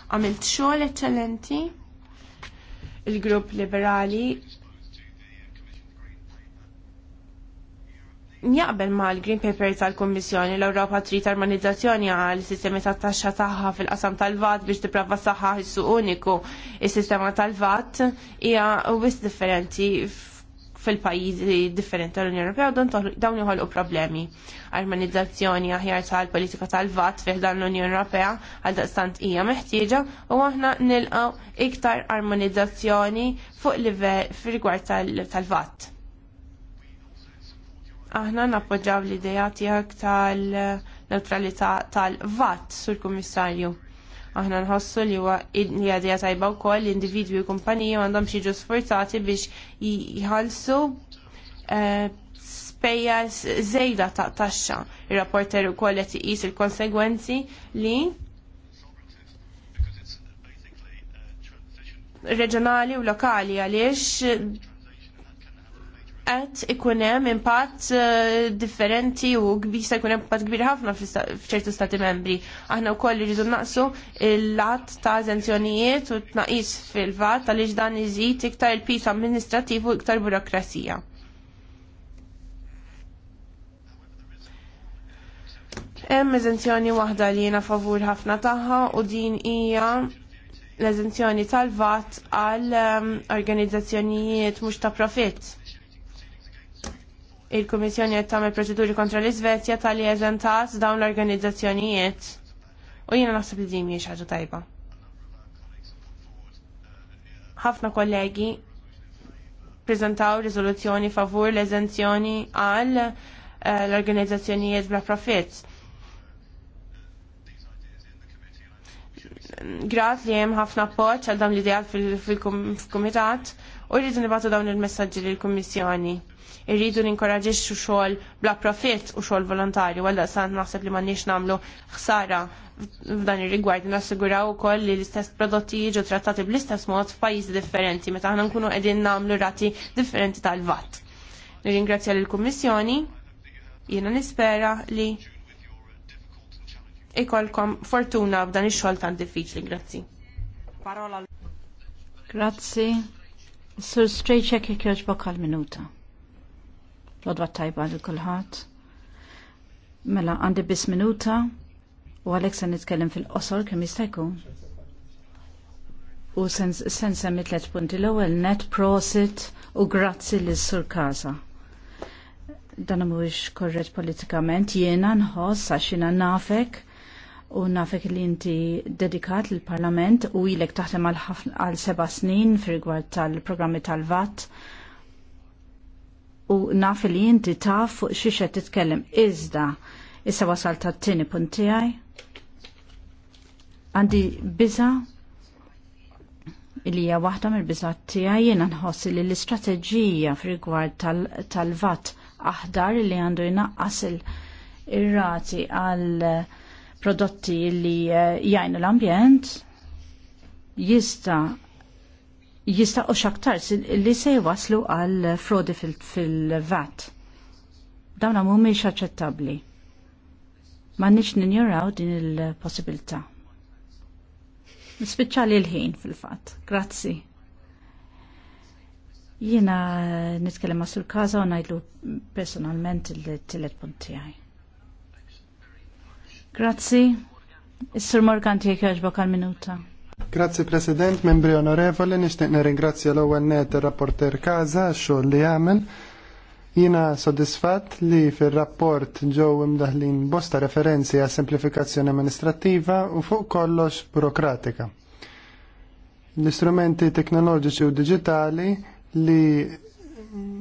Għamilt xogħol eċċellenti. Il-Grupp Liberali Njaqbel ma l-Green Paper tal-Kommissjoni l-Ewropa trid armonizzazzjoni għal sistemi ta' taxxa tagħha fil-qasam tal-VAT biex tipprova saħħa suq uniku. Is-sistema tal-VAT hija wis differenti fil-pajjiżi differenti tal-Unjoni Ewropea dawn joħolqu problemi. Armonizzazzjoni aħjar tal-politika tal-VAT fih dan l-Unjoni Ewropea għal daqstant hija meħtieġa u aħna nilqgħu iktar armonizzazzjoni fuq livell fir-rigward tal-VAT. Aħna nappoġġaw l-idea tiegħek tal-neutralità tal-VAT sur kummissarju. Aħna nħossu li huwa idea tajba wkoll l-individwi u kumpaniji għandhom xi sforzati biex jħallsu eh, spejja żejda ta' taxxa. Ir-rapporter ukoll qed iqis il-konsegwenzi li reġjonali u lokali għaliex qed ikun hemm impatt eh, differenti u jista' jkun hemm impatt kbir ħafna f'ċertu stati membri. Aħna wkoll irridu naqsu il-lat ta' eżenzjonijiet u tnaqis fil-vat għaliex dan iżid iktar il-pis amministrattiv u iktar burokrazija. Hemm eżenzjoni waħda li jiena favur ħafna tagħha u din hija l-eżenzjoni tal-vat għal ehm, organizzazzjonijiet mhux ta' profitt il-Kummissjoni qed tagħmel proċeduri kontra l-Iżvezja tal-li eżentat dawn l-organizzazzjonijiet. U jiena naħseb li din mhijiex ħaġa tajba. Ħafna kollegi prezentaw riżoluzzjoni favur l-eżenzjoni għal eh, l-organizzazzjonijiet bla profit. Grat li jem ħafna poċ għal dawn l-idejat fil-komitat u rridu nibgħatu dawn il-messagġi l kummissjoni irridu ninkoraġixxu xogħol bla profitt u xogħol volontarju għal sant naħseb li m'għandniex nagħmlu ħsara f'dan ir-rigward nassiguraw ukoll li l-istess prodotti jiġu trattati bl-istess mod f'pajjiżi differenti meta aħna nkunu qegħdin nagħmlu rati differenti tal-VAT. Nirringrazzja lill-Kummissjoni, jiena nispera li ikolkom fortuna b'dan ix-xogħol tan diffiċli, grazzi. Parola Grazzi. Sur Strejċek jekk joġbok għal-minuta. Lodwa tajba li kulħadd. Mela għandi biss minuta u għalhekk se nitkellem fil-qosor kemm jista' jkun. U sen semmi tliet punti l-ewwel net prosit u grazzi lis sur Kaza dan mhuwiex korret politikament, jiena nħoss għax jiena nafek u nafek li inti dedikat lill parlament u ilek taħdem għal seba snin fir rigward tal-programmi tal-VAT u naf li inti taf fuq xi titkellem. Iżda, issa wasal tat-tieni punti. għaj. Għandi biza li hija waħda mill-biżat tiegħi jiena nħoss li l-istrateġija f'rigward tal-vat aħdar li għandu jnaqqas ir-rati għal prodotti li eh, jgħinu l-ambjent jista' jistaqo xaktar li se waslu għal frodi fil-vat. Dawna miex aċċettabli. Ma nix ninjuraw din il-possibilità. Nispiċċali l-ħin fil-fat. Grazzi. Jiena nitkellem ma' sul-kaza u najdlu personalment il-tillet punti għaj. Grazzi. Is-Sur Morgan tiegħek għal minuta. Grazzi President, membri onorevoli, nishtiq nirringrazzja l-ewwel net ir-rapporter Kaza x-xogħol li għamel. Jiena sodisfatt li fir-rapport ġew imdaħlin bosta referenzi għas semplifikazzjoni amministrattiva u fuq kollox burokratika. L-istrumenti teknoloġiċi u digitali li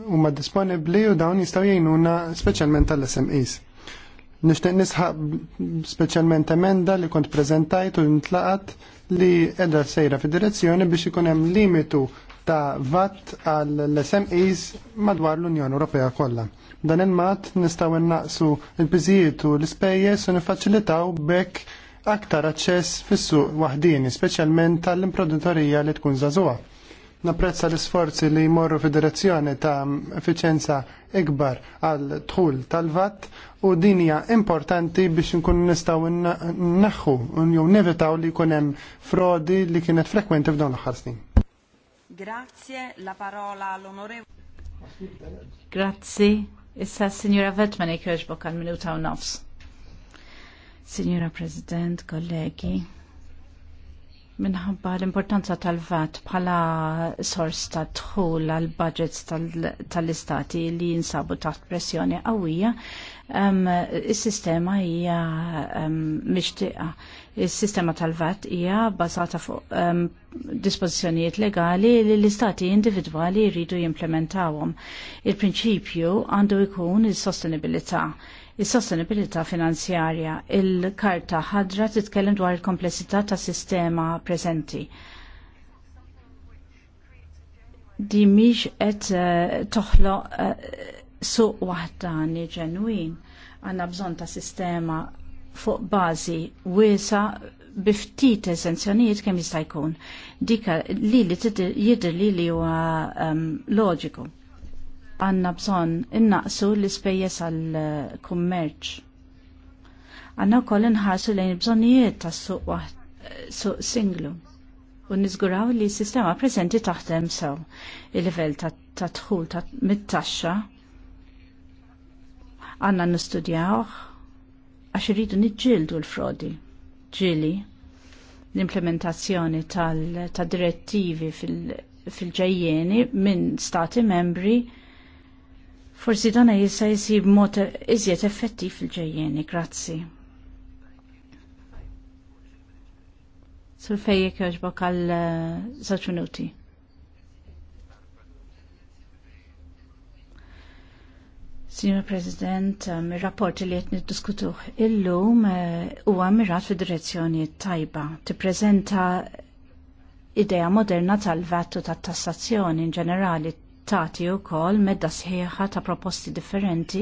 huma disponibbli u dawn jistgħu jgħinuna speċjalment tal-SMEs. Nishtiq nisħab speċjalment emenda li kont prezentajt u ntlaqat li edha sejra federazzjoni biex ikun hemm limitu ta' VAT għall-SMEs madwar l-Unjoni Ewropea kollha. Dan il-mat nistgħu innaqsu l-biżijiet u l-ispejjeż u niffaċilitaw bekk aktar aċċess fis-suq waħdini, speċjalment tal-imprenditorija li tkun żagħżugħa. Napprezza l-isforzi li jmorru fid-direzzjoni ta' efficienza ikbar għal tħul tal-vat u dinja importanti biex nkun nistaw naħħu jew nevitaw li jkun hemm frodi li kienet frekwenti f'dawn l-aħħar snin. Grazie, la parola all'onorevole. Grazie. Issa, signora Vetman, ikħeġbok għal minuta u nofs. Signora President, kollegi, Minħabba l-importanza tal-VAT bħala sors ta' dħul għal budgets tal-istati li jinsabu taħt pressjoni qawwija, il sistema hija mixtieqa. Is-sistema tal-VAT hija bbażata fuq um, dispożizzjonijiet legali li l-istati individwali jridu jimplementawhom. Il-prinċipju għandu jkun is-sostenibilità. il sostenibilità Is-sostenibilità finanzjarja, il-karta ħadra titkellem dwar il-komplessità ta' sistema preżenti. Di miex qed uh, toħloq uh, suq waħdani ġenwin. Għandna bżonn ta' sistema fuq bażi wiesa biftit eżenzjonijiet kemm jista' jkun. Dika li li jidher li li huwa um, loġiku għanna bżon innaqsu l-ispejjeż għal-kummerċ. Għanna wkoll inħarsu lejn bżonnijiet tas-suq suq singlu u nizguraw li s-sistema preżenti taħdem sew il-livell ta' dħul ta' mit-taxxa għanna nistudjawh għax irridu niġġieldu l-frodi. Ġili, l-implementazzjoni tal-direttivi fil ġajjeni minn stati membri Forsi dana jista' jisib mod iżjed effettiv fil-ġejjeni, grazzi. Sulfejjek jogħġbok għal eh, żewġ minuti. Signor President, eh, mir-rapport li qed niddiskutuh illum eh, huwa mirat fid-direzzjoni tajba. Tippreżenta idea moderna tal-vattu tat-tassazzjoni in ġenerali tati u kol medda sħiħa ta' proposti differenti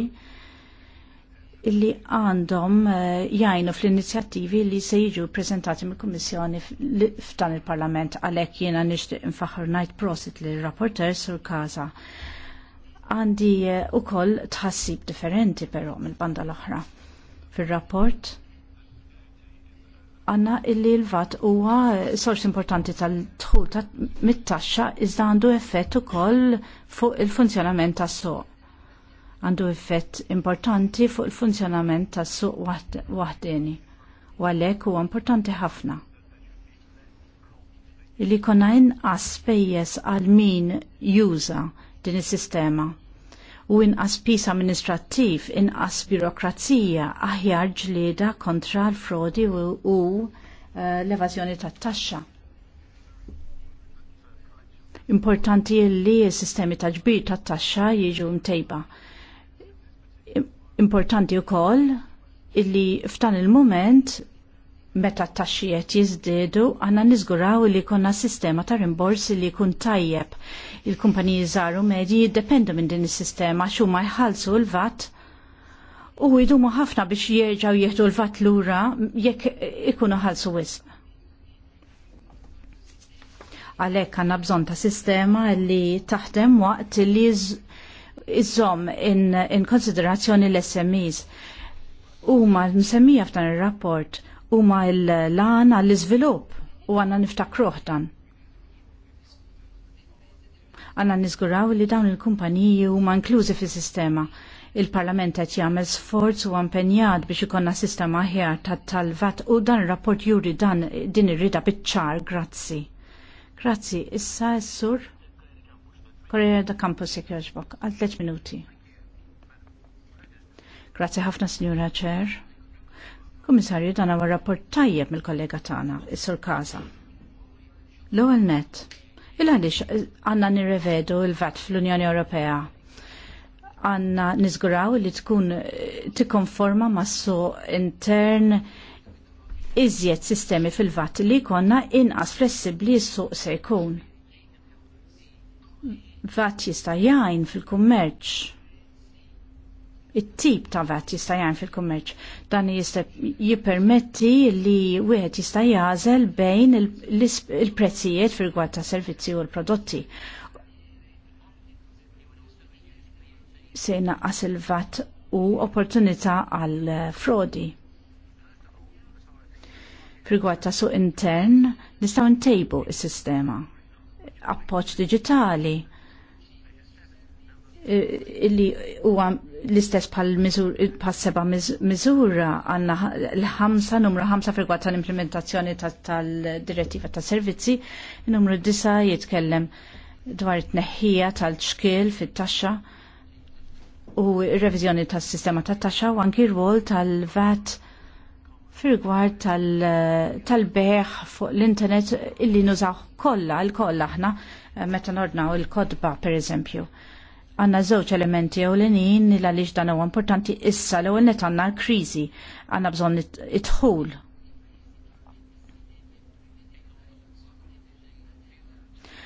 illi għandhom eh, jajnu fl-inizjattivi li se jiġu prezentati mill kummissjoni f'dan il-Parlament għalhekk jiena nixtieq infaħħar ngħid prosit li rapporter sur kaza. Għandi eh, ukoll tħassib differenti però mill-banda l-oħra. Fir-rapport għanna illi l-vat huwa sors importanti tal-tħul ta' mit-taxxa iżda għandu effett ukoll fuq il-funzjonament tas-suq. Għandu effett importanti fuq il-funzjonament tas-suq waħdeni u għalhekk huwa importanti ħafna. Illi konajn inqas spejjeż għal min juża din is-sistema u inqas pis amministrattiv, inqas birokrazija, aħjar ġlieda kontra l-frodi u, u eh, l-evażjoni tat-taxxa. Importanti li s-sistemi ta' ġbir tat-taxxa jiġu mtejba. Importanti wkoll illi f'dan il-moment meta t-taxxijiet jizdidu, għanna nizguraw li konna sistema ta' rimborsi li kun tajjeb. Il-kumpaniji żaru medji jiddependu minn din is-sistema xu ma jħalsu l-vat u jidumu ħafna biex jerġaw jieħdu l-vat lura jekk ikunu ħalsu wisq. Għalhekk għandna bżonn ta' sistema li taħdem waqt li iżżomm in, konsiderazzjoni l-SMEs. Huma msemmija f'dan ir-rapport huma l-lan għall-iżvilupp u għanna niftakruħ dan. Għanna niżguraw li dawn il-kumpaniji huma inklużi fis-sistema. Il-Parlament qed jagħmel sforz u impenjat biex ikonna sistema aħjar tat-talvat u dan ir-rapport juri dan din ir-rida biċ-ċar, grazzi. Grazzi, issa s-sur Korea da Campus Sekreġbok, għal 3 minuti. Grazzi ħafna, Signora Chair. Komissarju, dan għu rapport tajjeb mill-kollega tagħna, is-Sur Kaza. L-ewwel net, il għaliex eh, għandna nirrevedu l-VAT fl-Unjoni Ewropea. Għanna niżguraw li tkun eh, tikkonforma mas-su intern iżjed sistemi fil-VAT li konna inqas flessibbli s-suq se jkun. VAT jista' jgħin fil-kummerċ it-tip ta' vat jista' jgħin fil-kummerċ. Dan jista' jippermetti li wieħed jista' jażel bejn il-prezzijiet fil ta' servizzi u l-prodotti. Se naqqas il-vat u opportunità għal frodi. Fil-gwad ta' suq intern nistgħu ntejbu s-sistema. Appoġġ digitali Eh, illi huwa l-istess pal seba miżura għanna l-ħamsa numru ħamsa fil tal-implementazzjoni tal-direttiva ta' servizzi, numru disa jitkellem dwar it-neħħija tal-ċkil fit-taxxa u r-reviżjoni tas-sistema tat-taxxa u anki r-wol tal-VAT fil tal-beħ fuq l-internet illi nużaw kollha l-kollha aħna eh, meta nordnaw il-kodba per eżempju għanna żewġ elementi ewlenin li għaliex dan huwa importanti issa l ewwel għanna għandna l-kriżi għandna bżonn idħul.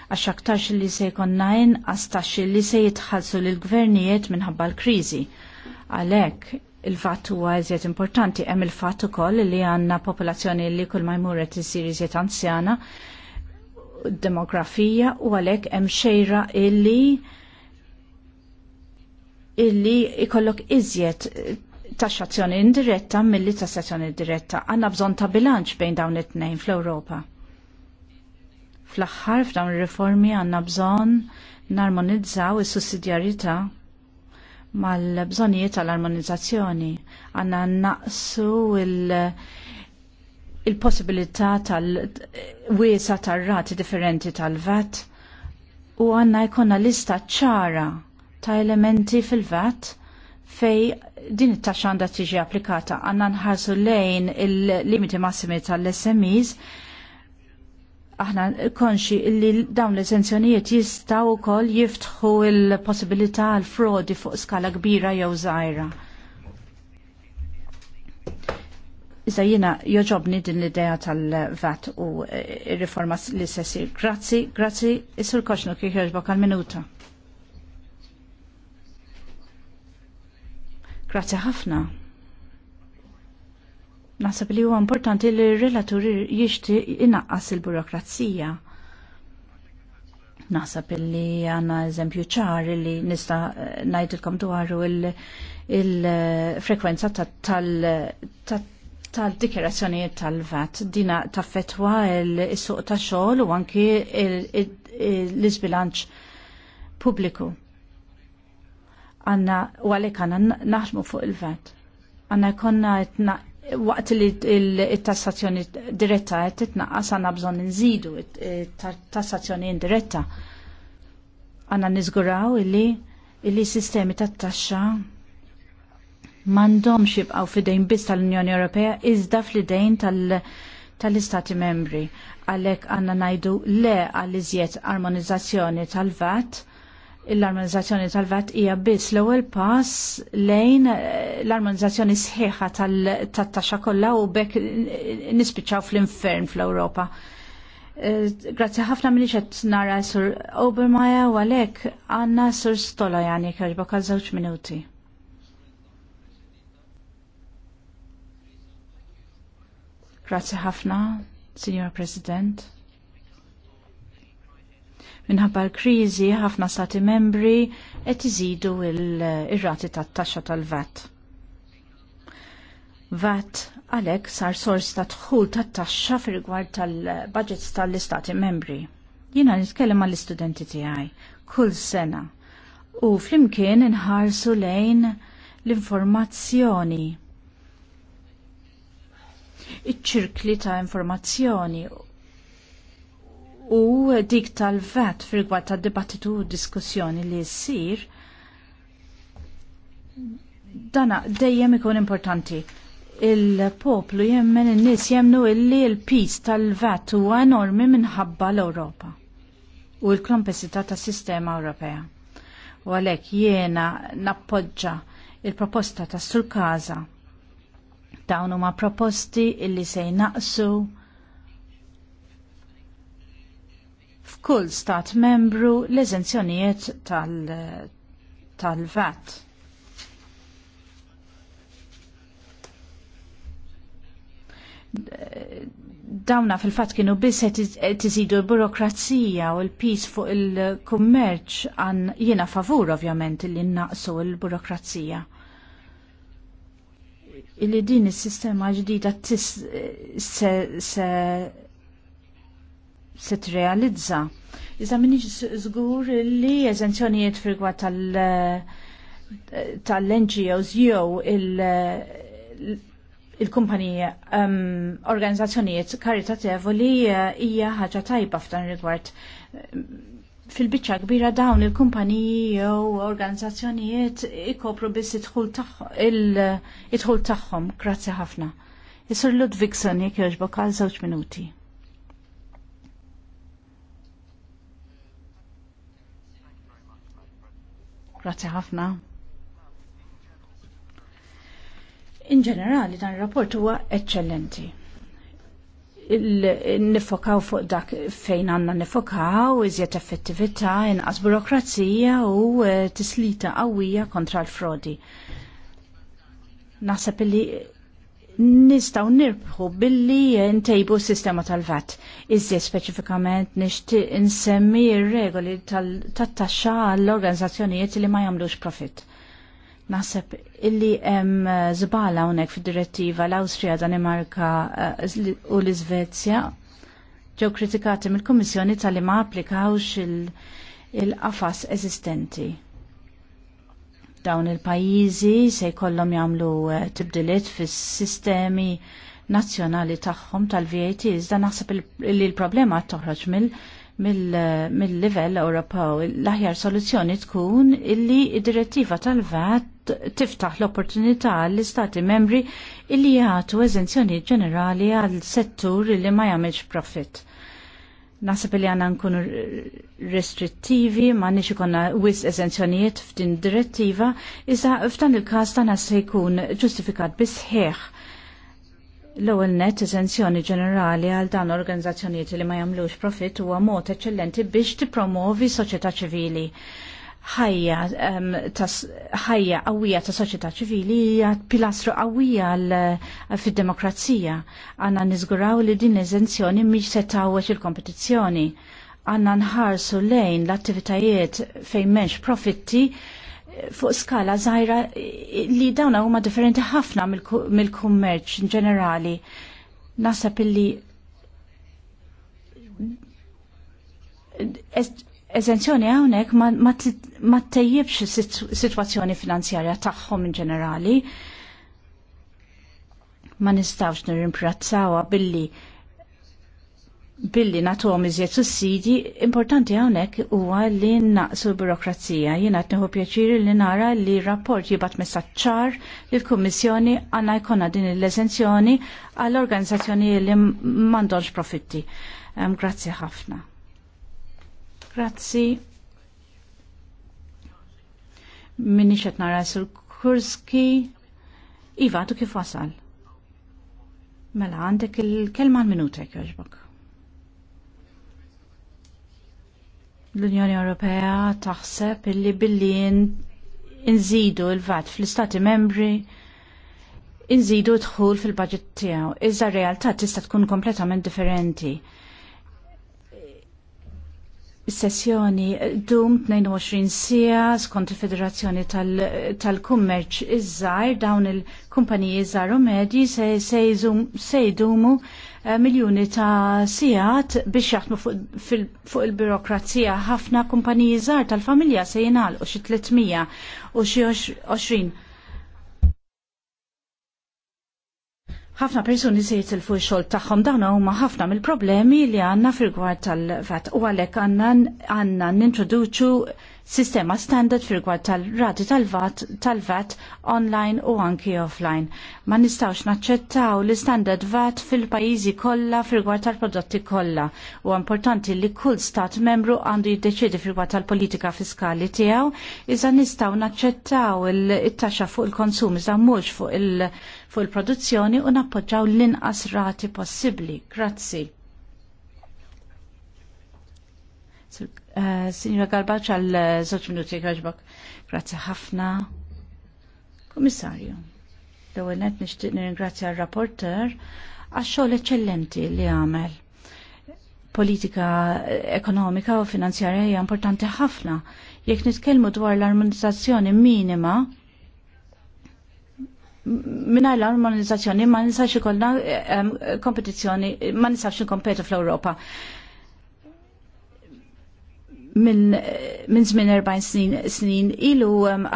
Għax aktarx li se jkonna għastax li se jitħallsu lill gvernijiet minħabba l-kriżi. Għalhekk il-fatt huwa eżjed importanti hemm il-fatt ukoll li għandna popolazzjoni li kull ma jmur qed isir iżjed anzjana demografija u għalhekk hemm xejra illi illi ikollok iżjed eh, taxxazzjoni indiretta milli tassazzjoni diretta. Għanna bżon ta' bilanċ bejn dawn it-tnejn fl-Ewropa. Fl-aħħar f'dawn ir-riformi għandna bżon narmonizzaw is-sussidjarjetà mal-bżonijiet tal-armonizzazzjoni. Għanna naqsu il- il-possibilità tal-wiesa tar-rati differenti tal-vat u għanna jkonna lista ċara ta' elementi fil-vat fej din it-taxxa għandha tiġi applikata għandna nħarsu lejn il-limiti massimi tal-SMEs aħna konxi li dawn l-esenzjonijiet jistaw kol jiftħu il-possibilità għal frodi fuq skala kbira jew żgħira. Iżda jiena joġobni din l-idea tal-VAT u il riforma li se sir. Grazzi, grazzi, is-sur Koxnu kieħ minuta. Grazzi ħafna. Naħseb li huwa importanti li r-relatur jixti inaqqas il-burokrazija. Naħseb li għanna eżempju ċar li nista eh, najdilkom dwaru il-frekwenza eh, tal tal-dikjerazzjonijiet tal-VAT dina taffetwa il-suq ta' xogħol u anki l izbilanċ pubbliku għanna u għalek għanna naħdmu fuq il-vet. Għanna jkonna waqt li il-tassazzjoni diretta qed titnaqqas għandna bżonn nżidu tassazzjoni indiretta. Għanna niżguraw illi illi sistemi ta' taxxa m'għandhomx jibqgħu fidejn biss tal-Unjoni Ewropea iżda fidejn tal-Istati membri. Għalhekk għandna ngħidu le għal iżjed armonizzazzjoni tal-VAT l-armonizzazzjoni tal-vat hija biss l-ewwel pass lejn eh, l-armonizzazzjoni sħiħa tat-taxxa kollha u bekk nispiċċaw fl-infern fl-Ewropa. Eh, grazzi ħafna minni ċet nara sur Obermaja u għalek għanna sur Stola jani kħarba kħal minuti. Grazzi ħafna, Signor President minħabba l-kriżi ħafna stati membri qed iżidu il-rati tat-taxxa tal-VAT. VAT għalhekk sar sors ta' dħul tat-taxxa fir-rigward tal-budgets tal-istati membri. Jiena nitkellem għall-istudenti tiegħi kull sena u flimkien inħarsu lejn l-informazzjoni iċ-ċirkli ta' informazzjoni u dik tal-vat fil ta' dibattitu u diskussjoni li jessir, dana dejjem ikun importanti. Il-poplu jemmen in-nies jemnu illi l-pis tal-vat huwa enormi minħabba l-Ewropa u l-kompensità ta' sistema Ewropea. U għalhekk jiena nappoġġa il-proposta ta' sul-kaza. Dawn huma proposti illi se jnaqsu kull stat membru l-eżenzjonijiet tal-VAT. tal dawna fil-fat kienu biss tiżidu l-burokrazija u l-pis fuq il-kummerċ għan jiena favur ovvjament li naqsu l-burokrazija. Illi din is-sistema ġdida se se trealizza. Iżda minix żgur li eżenzjonijiet firgwa tal-NGOs tal jew il- il-kumpanija um, organizzazzjonijiet li hija ħaġa tajba f'dan rigward. Fil-biċċa kbira dawn il-kumpaniji jew organizzazzjonijiet ikopru biss id-dħul tagħhom. Grazzi ħafna. Isur Ludvigson jekk jogħġbok għal żewġ minuti. Grazzi ħafna. In ġenerali dan ir-rapport huwa eċċellenti. Nifokaw fuq dak fejn għanna nifokaw, iżjed effettività, inqas burokrazija u eh, tislita qawwija kontra l-frodi. Naħseb li nistaw nirbħu billi ntejbu s-sistema tal-VAT. Iżjed speċifikament nixtieq insemmi r-regoli tal taxxa għall-organizzazzjonijiet li ma jagħmlux profit. Naħseb illi hemm eh, żbala hawnhekk fid-direttiva l-Awstrija, Danimarka eh, u l-Iżvezja ġew kritikati mill-Kummissjoni tal-li ma applikawx il-qafas eżistenti Dawn il-pajjiżi se jkollhom jagħmlu eh, tibdiliet fis-sistemi nazzjonali tagħhom tal-VAT iżda naħseb li l-problema toħroġ mill-livell Ewropew. L-aħjar soluzzjoni tkun illi id-direttiva tal-VAT tiftaħ l-opportunità l-istati membri illi jagħtu eżenzjoni ġenerali għal settur li ma jagħmilx profit Nasib li għanna nkunu restrittivi, ma nix ikonna wis esenzjonijiet f'din direttiva, iżda f'dan il-kas dan se jkun ġustifikat bisħeħ l-ewwel net eżenzjoni ġenerali għal dan organizzazzjonijiet li ma jagħmlux profitt huwa mod eċċellenti biex tippromovi soċjetà ċivili ħajja ħajja qawwija ta' soċjetà ċivili hija pilastru qawwija fid-demokrazija. Għandna niżguraw li din eżenzjoni mhix se tawweġ il-kompetizzjoni. Għandna nħarsu lejn l-attivitajiet fejn m'hemmx profitti fuq skala żgħira li dawna huma differenti ħafna mill-kummerċ ġenerali. Nasab illi eżenzjoni hawnhekk ma tejjibx is-sitwazzjoni finanzjarja tagħhom in ġenerali. Ma nistgħux nirrimprazzawha billi billi għom iżjed sussidi, importanti hawnhekk huwa li naqsu l-burokrazija. Jiena qed pjaċiri li nara li rapport jibgħat messaċċar ċar li l-Kummissjoni għandna jkollna din l-eżenzjoni għall organizzazzjoni li m'għandhomx profitti. Grazie Grazzi ħafna. Grazzi. Minni xet nara sul-Kurski. Iva, tu kif wasal? Mela, għandek il-kelma l-minutek, għaxbak. L-Unjoni Ewropea taħseb illi billi nżidu il-vat fl-Istati membri inżidu dħul fil-budget tiegħu. Iżda r-realtà tista' tkun kompletament differenti sessjoni dum 22 sija skont il-Federazzjoni tal-Kummerċ tal iż-żar dawn il-kumpaniji iż-żar u medji se, se jdumu eh, miljoni ta' sijat biex jaħdmu fuq il-birokrazija ħafna kumpaniji iż-żar tal-familja se jingħalqu xi 300 u xi 20 ħafna persuni se jitilfu xol tagħhom dawn huma ħafna mill-problemi li għandna fil-gwar tal-fat u għalhekk għandna nintroduċu sistema standard fil-gwad tal-rati tal-vat tal online u anki offline. Ma nistawx naċċettaw li standard vat fil-pajizi kollha fil rigward tal-prodotti kollha u importanti li kull stat membru għandu jiddeċidi fil rigward tal-politika fiskali tiegħu iżda nistgħu naċċettaw it-taxxa fuq il-konsum iżda mhux fuq il- fuq il-produzzjoni u nappoġġaw l-inqas rati possibbli. Grazzi. Eh, Signora Garbaċ għal eh, zoċ minuti għaxbak. Grazie ħafna. Komissarju, l-għenet nishtiq nirringrazzja għal rapporter għax xogħol eċċellenti li għamel. Politika eh, ekonomika u finanzjarja hija importanti ħafna. Jekk nitkellmu dwar l-armonizzazzjoni minima, minna l-armonizzazzjoni ma nistax ikollna kompetizzjoni, ma nistax kompetu fl-Ewropa minn min żmien 40 snin, snin ilu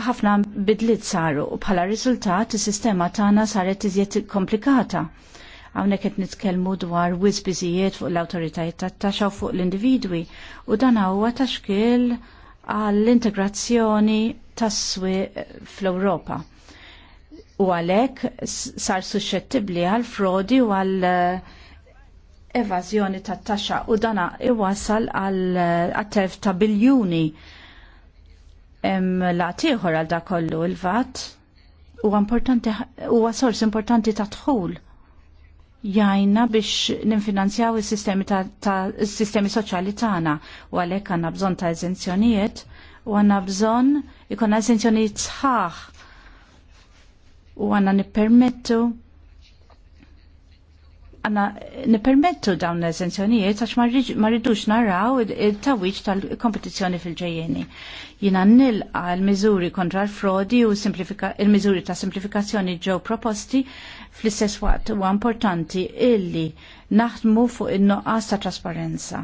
ħafna um, bidliet saru u bħala riżultat is-sistema tagħna saret iżjed komplikata. Hawnhekk qed nitkellmu dwar wisbiżijiet fuq l-awtoritajiet tat-taxxa fuq l-individwi u dan huwa taxkil għall-integrazzjoni tas-swi eh, fl-Ewropa. U għalhekk sar suscettibbli għal frodi u għal uh, evażjoni tat-taxxa u dana iwasal għal għattef ta' biljuni la tieħor għal dak kollu il-vat huwa importanti huwa sors importanti ta' dħul jajna biex ninfinanzjaw is-sistemi ta', ta sistemi soċjali tagħna u għalhekk għandna bżonn ta' eżenzjonijiet u għandna bżonn ikun eżenzjonijiet sħaħ u għandna nippermettu għanna nipermettu dawn l-eżenzjonijiet għax ma rridux naraw il-tawiċ tal-kompetizjoni fil-ġejjeni. Jina nilqa l-mizuri kontra l-frodi u il-mizuri ta' simplifikazzjoni ġew proposti fl-istess waqt u importanti illi naħdmu fuq il-noqqas ta' trasparenza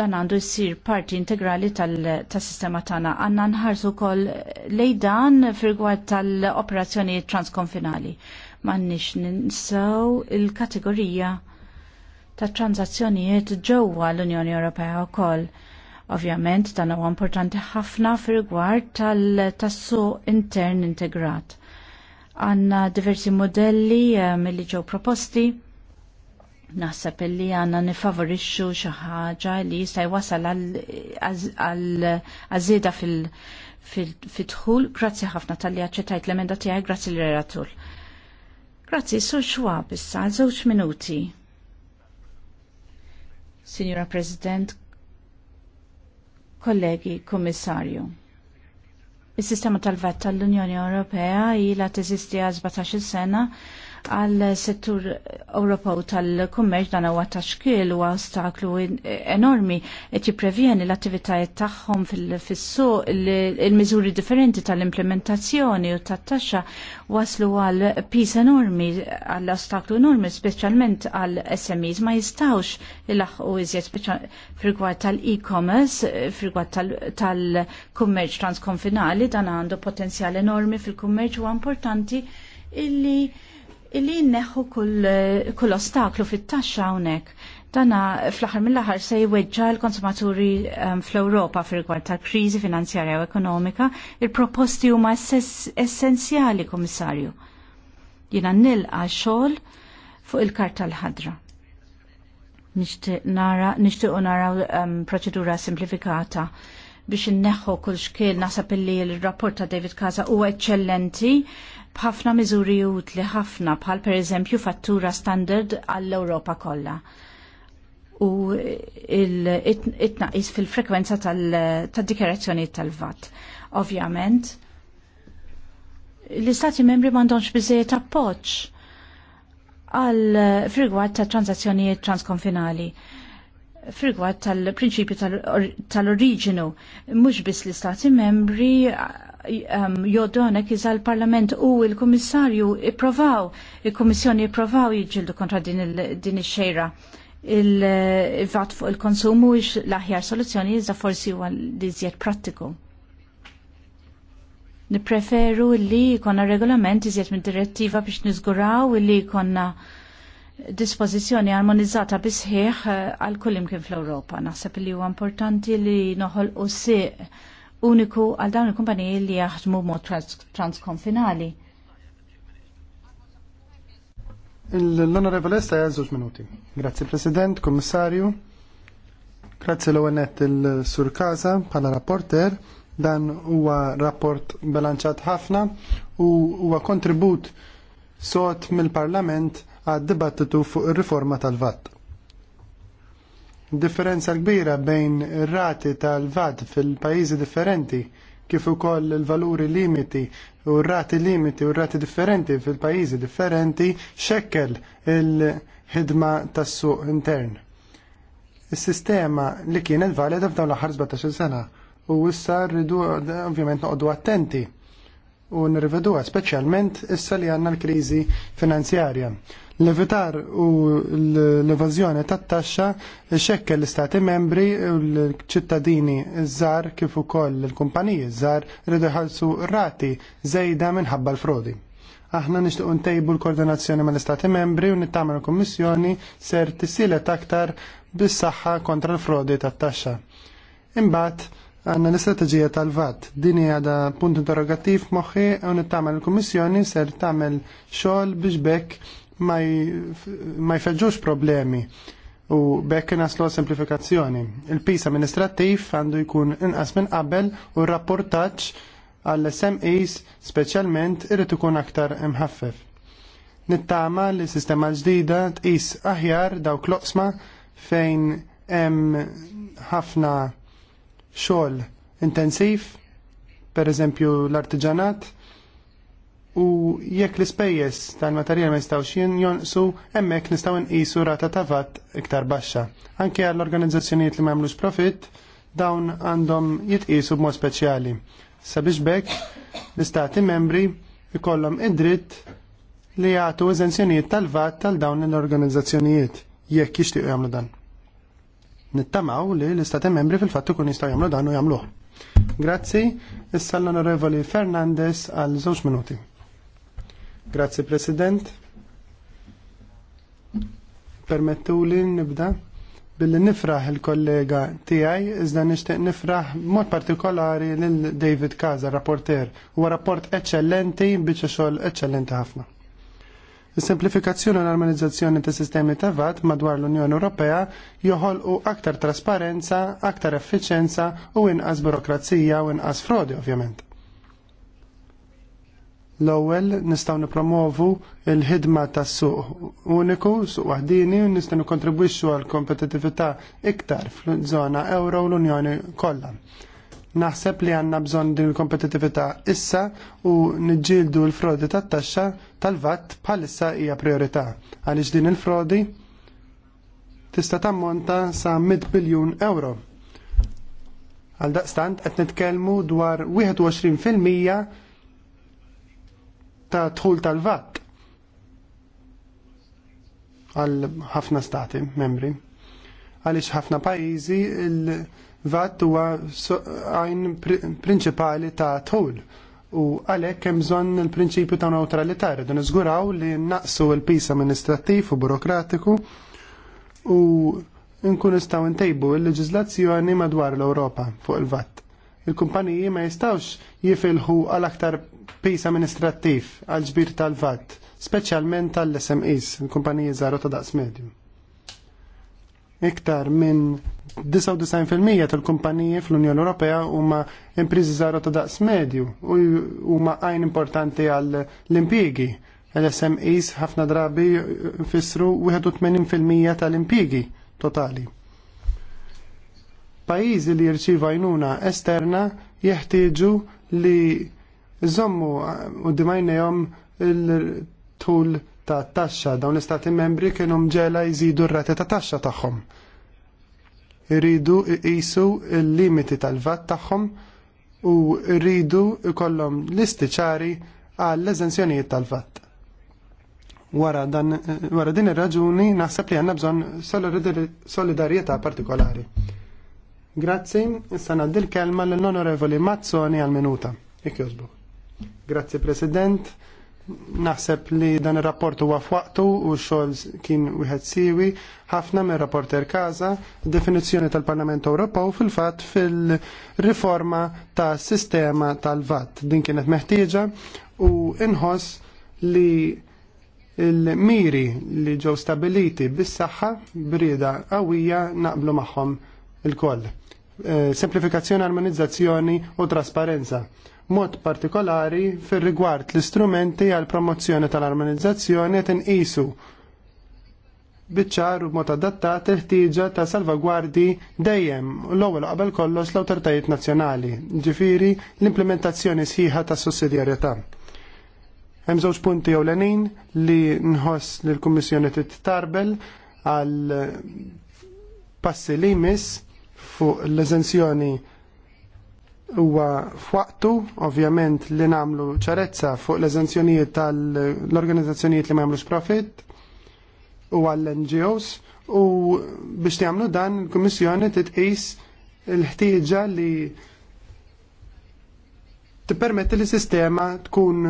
dan għandu jissir parti integrali tal-sistema tal tagħna għandna nħarsu wkoll lejn dan firgwad tal-operazzjoni transkonfinali m'għandniex ninsaw il-kategorija ta' tranzazzjonijiet ġewwa l-Unjoni Ewropea wkoll. Ovvjament dan huwa importanti ħafna fir-rigward tal tassu intern integrat. Għanna diversi modelli eh, milli ġew proposti. Naħseb illi għanna nifavorixxu xi ħaġa li jista' jwasal għal-għażieda fil-dħul. Grazzi ħafna tal-li aċċettajt l-emenda tiegħi, grazzi l-relatur. Grazzi, so xwa bissa, żewġ minuti. Signora President, kollegi, kommissarju. Is-sistema tal-vet tal-Unjoni Ewropea ilha teżisti għal 17 sena għal settur Ewropew tal-kummerċ dan huwa taxkil u ostaklu enormi qed jipprevjeni l-attivitajiet tagħhom fis-suq il-miżuri differenti tal-implementazzjoni u tat-taxxa waslu għal pis enormi għal ostaklu enormi speċjalment għal SMEs ma jistgħux ilaħqu iżjed frigward tal-e-commerce frigward tal-kummerċ transkonfinali dan għandu potenzjal enormi fil-kummerċ u importanti illi illi neħu kull ostaklu fit-taxxa hawnhekk. Dana fl-aħħar mill-aħħar se jweġġa l-konsumaturi ehm, fl-Ewropa fir-rigward tal-kriżi finanzjarja u ekonomika, il-proposti huma essenzjali, Kummissarju. Jiena nilqa xogħol fuq il-karta l-ħadra. Nixtieq nara, nixtiequ naraw um, proċedura simplifikata biex inneħħu kull xkiel nasab illi l-rapport ta' David Kaza huwa eċċellenti b'ħafna miżuri utli ħafna bħal pereżempju fattura standard għall-Ewropa kollha u it-tnaqis fil-frekwenza tad-dikjerazzjoni tal-VAT. Ovvjament, l-istati membri m'għandhomx biżejjed appoġġ għal frigwad ta' transazzjonijiet transkonfinali frigwa tal-prinċipju tal-oriġinu, mhux biss l-istati membri um, jodu għanek iżda l-Parlament u il-Kummissarju ipprovaw, il-Kummissjoni ipprovaw jiġildu kontra din ix-xejra il-vat fuq il-konsum u l-aħjar soluzzjoni iżda forsi huwa li żjed prattiku. Nipreferu li jkollna regolament iżjed mid direttiva biex niżguraw li jkollna dispożizzjoni armonizzata bisħieħ eh, għal kullim kien fl-Ewropa. Naħseb li huwa importanti li noħol u siq uniku għal dawn il-kumpaniji li jaħdmu mod transkonfinali. L-Onorevole Esta jgħal minuti. Grazie President, Kommissarju. Grazie l-ONET il-Sur Kaza bħala rapporter. Dan huwa rapport balanċat ħafna u huwa kontribut sot mill-Parlament għad-dibattitu fuq ir-riforma tal-VAT. Differenza kbira bejn ir-rati tal-VAT fil-pajjiżi differenti kif ukoll il-valuri limiti u r-rati limiti u r-rati differenti fil-pajjiżi differenti xekkel il-ħidma tas-suq intern. Is-sistema li kienet valida f'dawn l-aħħar 17 sena u issa rridu ovvjament noqogħdu attenti u nirveduha speċjalment issa li għandna l-kriżi finanzjarja. L-evitar u l-evażjoni tat-taxxa xekkel l-istati membri u l-ċittadini żgħar kif ukoll l-kumpaniji żgħar rridu jħallsu rati żejda minħabba l-frodi. Aħna nixtiequ ntejbu l-koordinazzjoni l istati membri u nittamen l-Kummissjoni ser tisilet aktar bis-saħħa kontra l-frodi tat-taxxa. Imbagħad għanna l istrategija tal-VAT. Din għada punt interrogattiv moħħi u nittamel l-Kummissjoni ser tamel xogħol biex bekk ma jfeġġux problemi u bekk naslu semplifikazzjoni. Il-pis amministrativ għandu jkun inqas minn qabel u rapportaċ għall-SMEs speċjalment irid ikun aktar imħaffef. Nittama li sistema ġdida tqis aħjar dawk kloqsma fejn hemm ħafna xogħol intensiv, pereżempju l-artiġanat, u jekk l-ispejjeż tal-materjal ma jistgħux jonqsu, hemmhekk nistgħu nqisu rata ta' vatt iktar baxxa. Anke għall-organizzazzjonijiet li m'għamlux profitt profit, dawn għandhom jitqisu b'mod speċjali. Sabiex bekk, l-istati membri ikollhom id-dritt li jagħtu eżenzjonijiet tal vatt tal dawn l-organizzazzjonijiet jekk jixtiequ jagħmlu dan nittamaw li l-istati membri fil-fatt kun jistgħu jagħmlu dan u jagħmluh. Grazzi, issa l-Onorevoli Fernandez għal żewġ minuti. Grazzi President. Permettu li nibda billi nifraħ il-kollega tiegħi iżda nixtieq nifraħ mod partikolari lil David Kaza, rapporter. Huwa rapport eċċellenti biċa xogħol eċċellenti ħafna. Is-semplifikazzjoni u l-armonizzazzjoni ta' sistemi ta' VAT madwar l-Unjoni Ewropea joħolqu aktar trasparenza, aktar effiċenza u inqas burokrazija u inqas frodi ovvjament l-ewwel nistgħu nippromovu l-ħidma tas-suq uniku, suq waħdini, u nistgħu nikkontribwixxu għal kompetittività iktar fl-żona euro l-Unjoni kollha. Naħseb li għanna bżon din il-kompetitività issa u nġildu l-frodi tat-taxxa tal-vat bħalissa hija priorità. Għaliex din il-frodi tista' tammonta sa' 100 biljun euro. Għal daqstant qed nitkellmu dwar 21% ta' dħul tal-vat għal ħafna stati membri. Għaliex ħafna pajjiżi il- VAT huwa għajn prinċipali ta' tħul u għalek kemm bżonn il-prinċipju ta' neutralità rridu niżguraw li naqsu l-pis amministrattiv u burokratiku u nkun nistgħu ntejbu l-leġiżlazzjoni madwar l-Ewropa fuq il-VAT. Il-kumpaniji ma jistawx jifilħu għal aktar pis amministrattiv għal ġbir tal-VAT, speċjalment tal-SMEs, il-kumpaniji żgħar ta' daqs medju iktar minn 99% tal-kumpaniji fl-Unjoni Ewropea huma impriżi żgħira ta' daqs medju u huma għajn importanti għal l-impjiegi. L-SMEs ħafna drabi fissru 81% tal-impjiegi totali. Pajjiżi li jirċivu għajnuna esterna jeħtieġu li żommu u dimajnejom il-tul ta' taxxa dawn l-istati membri kienu mġela jżidu r-rati ta' taxxa tagħhom. Iridu jqisu l-limiti tal-vat tagħhom u rridu ikollhom l-istiċari għall eżenzjonijiet tal-vat. Wara, dan, wara din ir-raġuni naħseb li għandna bżonn solidarjetà partikolari. Grazzi, issa naddi l-kelma l-Onorevoli Mazzoni għal-minuta. Ik Grazzi President Naħseb li dan ir-rapport huwa f'waqtu u xogħol kien wieħed siwi ħafna minn rapporter Kaza, definizzjoni tal-Parlament Ewropew fil-fatt fil-riforma ta' sistema tal-VAT. Din kienet meħtieġa u inħoss li il-miri li ġew stabiliti bis-saħħa brieda qawwija naqblu magħhom il-koll. Eh, semplifikazzjoni, armonizzazzjoni u trasparenza mod partikolari fir rigward l-istrumenti għal promozzjoni tal-armonizzazzjoni qed inqisu biċċar u mod adattat il-ħtieġa ta' salvagwardi dejjem l-ewwel qabel kollox l-awtoritajiet nazzjonali, ġifiri l-implementazzjoni sħiħa tas sussidjarjetà. Hemm żewġ punti ewlenin li nħoss li l-Kummissjoni tarbel għal passi li jmiss fuq l-eżenzjoni huwa f'waqtu ovvjament li namlu ċarezza fuq l-eżenzjonijiet tal-organizzazzjonijiet li ma jagħmlux profit u għall-NGOs u biex jagħmlu dan il-Kummissjoni titqis il-ħtieġa li tippermetti li sistema tkun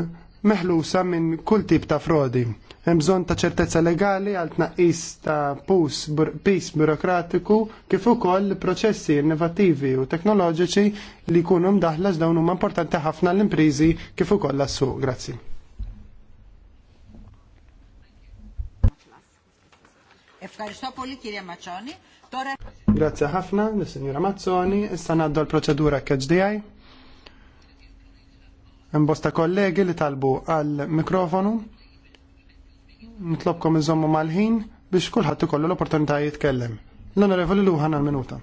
meħlusa minn kull tip ta' frodi. Hemm bżonn ta' ċertezza legali għal tnaqqis ta' pus bur, pis burokratiku kif ukoll proċessi innovattivi u teknoloġiċi li jkunu mdaħla dawn huma importanti ħafna l-imprizi kif ukoll lassuq. Grazzi. Grazzi. Grazie ħafna, l Mazzoni, issa naddu l-proċedura KHDI. Imbosta kollegi li talbu għal mikrofonu. Nitlobkom iżommu mal-ħin biex kullħat ikollu l-opportunità jitkellem. L-onorevoli Luħan għal-minuta.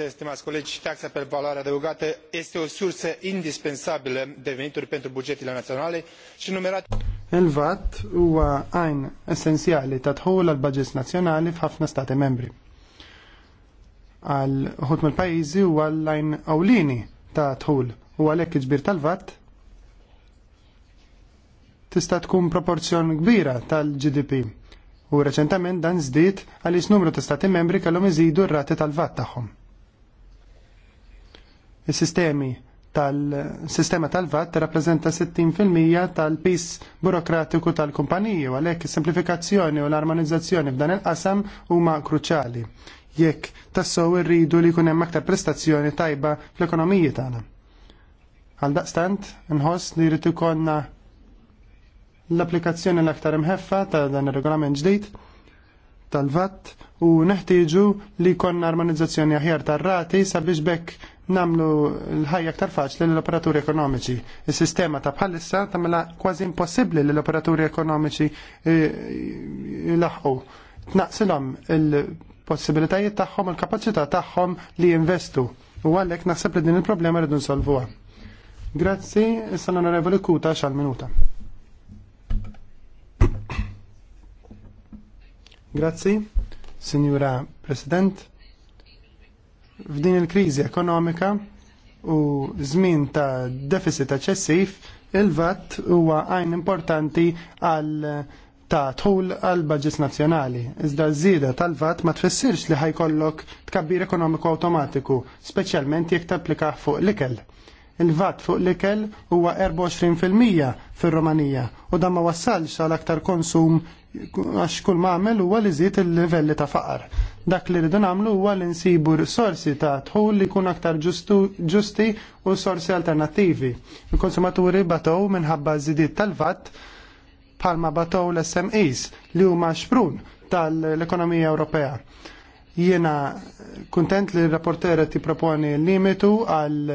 Stimați colegi, taxa pe valoare adăugată este o sursă indispensabilă de venituri pentru bugetele naționale și numerate Il-VAT huwa għajn essenzjali ta' tħol għal budgets nazzjonali f'ħafna stati membri. Għal ħutm il pajjiżi huwa l-għajn awlini ta' tħol u għalhekk iġbir tal-VAT tista' tkun proporzjon kbira tal-GDP. U reċentament dan żdied għaliex numru ta' stati membri kellhom iżidu r-rati tal-VAT tagħhom. Is-sistemi tal-sistema tal-VAT rappresenta 60% tal-pis burokratiku tal-kumpaniji, u għalhekk is-simplifikazzjoni u l-armonizzazzjoni f'dan il-qasam huma kruċali. Jekk tassew irridu li jkun hemm aktar prestazzjoni tajba fl-ekonomiji tagħna. Għal daqstant, nħoss li jrid ikollna l-applikazzjoni l-aktar imħeffa ta' dan ir-regolament ġdid tal-VAT u neħtieġu li jkollna armonizzazzjoni aħjar tar-rati sabiex bekk namlu l-ħajja aktar faċli l-operaturi ekonomiċi. Il-sistema ta' bħalissa tamela kważi impossibli l-operaturi ekonomiċi eh, laħħu. Tnaqsilhom il-possibilitajiet tagħhom, il-kapaċità tagħhom li jinvestu. U għalhekk naħseb li din il-problema rridu nsolvuha. Grazzi, issa l-Onorevoli Kuta xal minuta. Grazzi, Signora President f'din il-kriżi ekonomika u żmien ta' deficit eċessiv, il-VAT huwa għajn importanti għal ta' tħul għal budgets nazzjonali. Iżda żieda tal-VAT ma tfissirx li ħajkollok tkabbir ekonomiku awtomatiku, speċjalment jekk tapplika fuq l-ikel. Il-VAT fuq l-ikel huwa 24% fir-Romanija u dan ma wassalx għal aktar konsum għax kull ma għamel huwa li żied il-livelli ta' faqar. Dak li rridu nagħmlu huwa li nsibu sorsi ta' tħul li jkun aktar ġusti u sorsi alternattivi. Il-konsumaturi batow minħabba żidiet tal-vatt bħalma batow l-SMEs li huma xprun tal-ekonomija Ewropea. Jiena kuntent li r-rapportera ti proponi limitu għal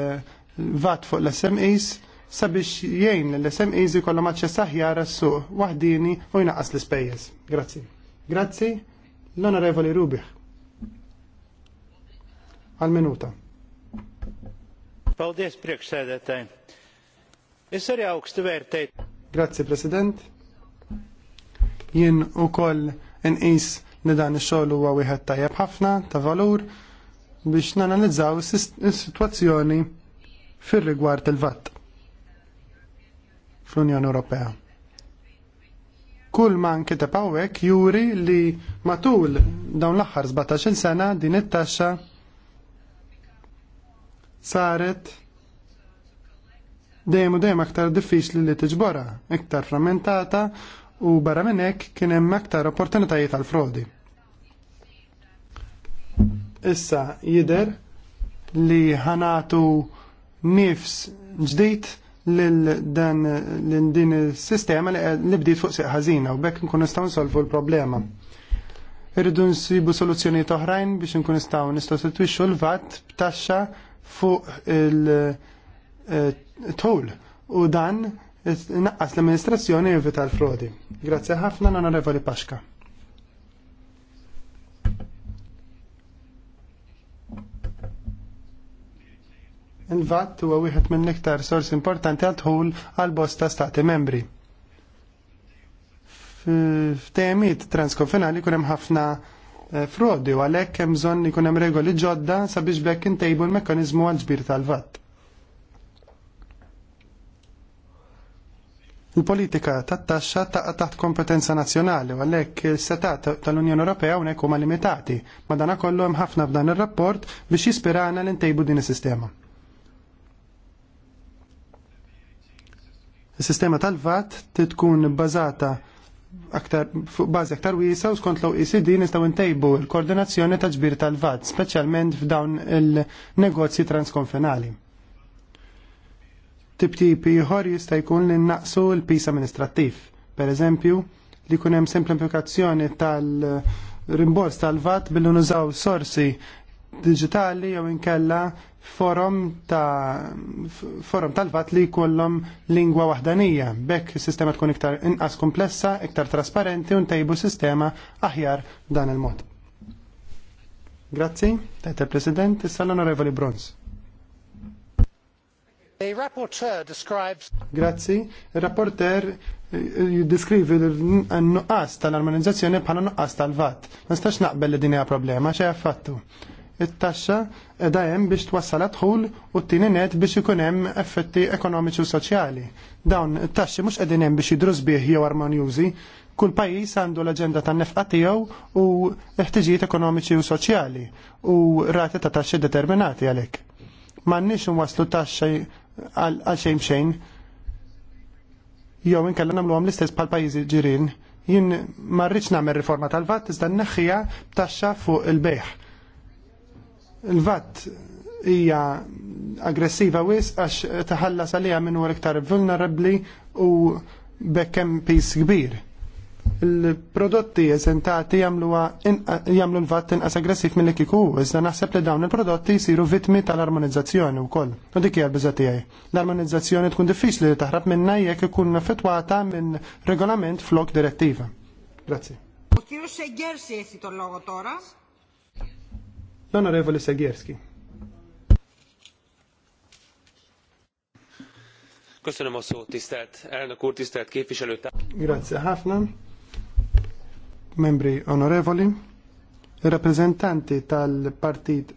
vat fuq l-SMEs sabiex jgħin l-SMEs jkollu maċċa aħjar għas-suq waħdini u jnaqqas l-ispejjeż. Grazzi. Grazzi l-Onorevoli Rubih għal-minuta. Paldies, priekšsēdētāji. Isser jawk stvērtejt. Grazzi, President. Jien u koll nqis li dan ix-xogħol huwa wieħed tajjeb ħafna ta' valur biex nanalizzaw is-sitwazzjoni fir-rigward il-vatt fl-Unjoni Ewropea. Kull man kiteb hawnhekk juri li matul dawn l-aħħar 17-il sena din it-taxxa saret dejjem u dejjem aktar diffiċli li tiġbora, iktar frammentata u barra minn hekk kien hemm aktar opportunitajiet għal frodi. Issa jidher li ħanatu nifs ġdid lil dan lil din is-sistema li bdiet fuq seq ħażina u bekk nkun nistgħu nsolvu l-problema. Irridu nsibu soluzzjonijiet oħrajn biex nkun nistgħu nistostitwixxu l vatt b'taxxa fuq il-toll eh, u dan naqqas l-amministrazzjoni jivita l-frodi. Grazie ħafna l-onorevoli Paxka. Il-VAT huwa wieħed minn iktar sors importanti għal tħul għal bosta stati membri. F'temijiet transkonfinali kun hemm ħafna Eh, frodi u għalhekk hemm bżonn ikunem hemm regoli ġodda sabiex bekk intejbu l-mekkaniżmu għal ġbir tal-vatt. Il-politika tat-taxxa taqa taħt kompetenza nazzjonali u għalhekk il setat tal-Unjoni Ewropea hawnhekk huma limitati, madanakollu hemm ħafna f'dan ir-rapport biex jispirana li ntejbu din is-sistema. Is-sistema tal-VAT tkun bbażata aktar, fuq bażi aktar wiesa u skont l-OECD nistgħu ntejbu l-koordinazzjoni ta' ġbir tal-VAT, speċjalment f'dawn il-negozji transkonfenali. Tip-tip ieħor jista' jkun li naqsu l-pis amministrattiv. Per eżempju, li jkun hemm semplifikazzjoni tal- rimbors tal-VAT billi nużaw sorsi digitali jew inkella forum ta' forum tal-vat li jkollhom lingwa waħdanija. Bekk is-sistema tkun iktar inqas komplessa, iktar trasparenti u ntejbu sistema aħjar dan il-mod. Grazzi, tajt il-President, issa l-Onorevoli Bronz. The rapporteur describes... Grazzi, il-rapporter eh, jiddeskrivi l-nuqqas tal-armonizzazzjoni bħala nuqqas tal-vat. Ma nistax naqbel li din problema, xejn affattu it-taxxa edha hemm biex twassal dħul u t-tieni net biex ikun hemm effetti ekonomiċi u soċjali. Dawn it-taxxi mhux qegħdin hemm biex jidru sbieħ jew armonjużi, kull pajjiż għandu l-aġenda tan-nefqa tiegħu u ħtiġijiet ekonomiċi u soċjali u rati ta' taxxi determinati għalhekk. M'għandniex t taxxi għal xejn xejn jew inkella nagħmluhom l-istess bħal pajjiżi ġirien jien marriċ nagħmel riforma tal vatt iżda nneħħiha b'taxxa fuq il-bejħ il-vat hija aggressiva wis għax taħallas għalija minn huwa iktar vulnerabbli u bekkem pis kbir. Il-prodotti eżentati jagħmlu l-vatt inqas aggressiv mill kiku, iżda naħseb li dawn il-prodotti jsiru vittmi tal-armonizzazzjoni wkoll. U dik hija l-biża L-armonizzazzjoni tkun diffiċli li taħrab minnha jekk ikun fetwata minn regolament flok direttiva. Grazzi. U kienu xejjer se jesi tol-logo toras? L-Onorevoli Segjerski. Köszönöm a szót, tisztelt elnök úr, tisztelt képviselőtár. Grazie, Hafna. Membri onorevoli, rappresentanti tal-partit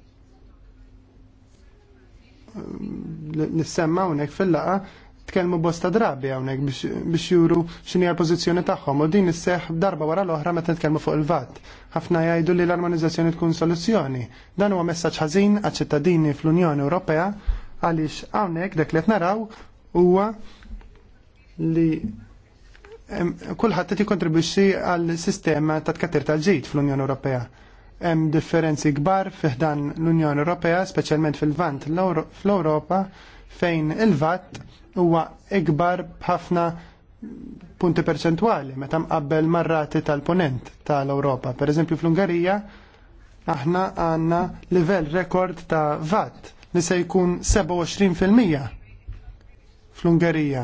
nissemma eh, unek fil-laqa tkellmu bosta drabi hawnhekk biex juru x'inhi għal pozizjoni tagħhom u din isseħħ darba wara l-oħra ma tkelmu fuq il-vat. Ħafna jgħidu li l-armonizzazzjoni tkun soluzzjoni. Dan huwa messaġġ ħażin għaċ-ċittadini fl-Unjoni Ewropea għaliex hawnhekk dak li qed naraw huwa li kulħadd qed jikkontribwixxi għal sistema ta' tkattir tal-ġid fl-Unjoni Ewropea. Hemm differenzi kbar fih dan l-Unjoni Ewropea, speċjalment fil-vant fl-Ewropa, fejn il vatt huwa ikbar b'ħafna punti perċentwali meta mqabbel marrati tal-ponent tal-Ewropa. Per eżempju fl-Ungarija aħna għandna livell rekord ta' VAT li se jkun 27% fl-Ungarija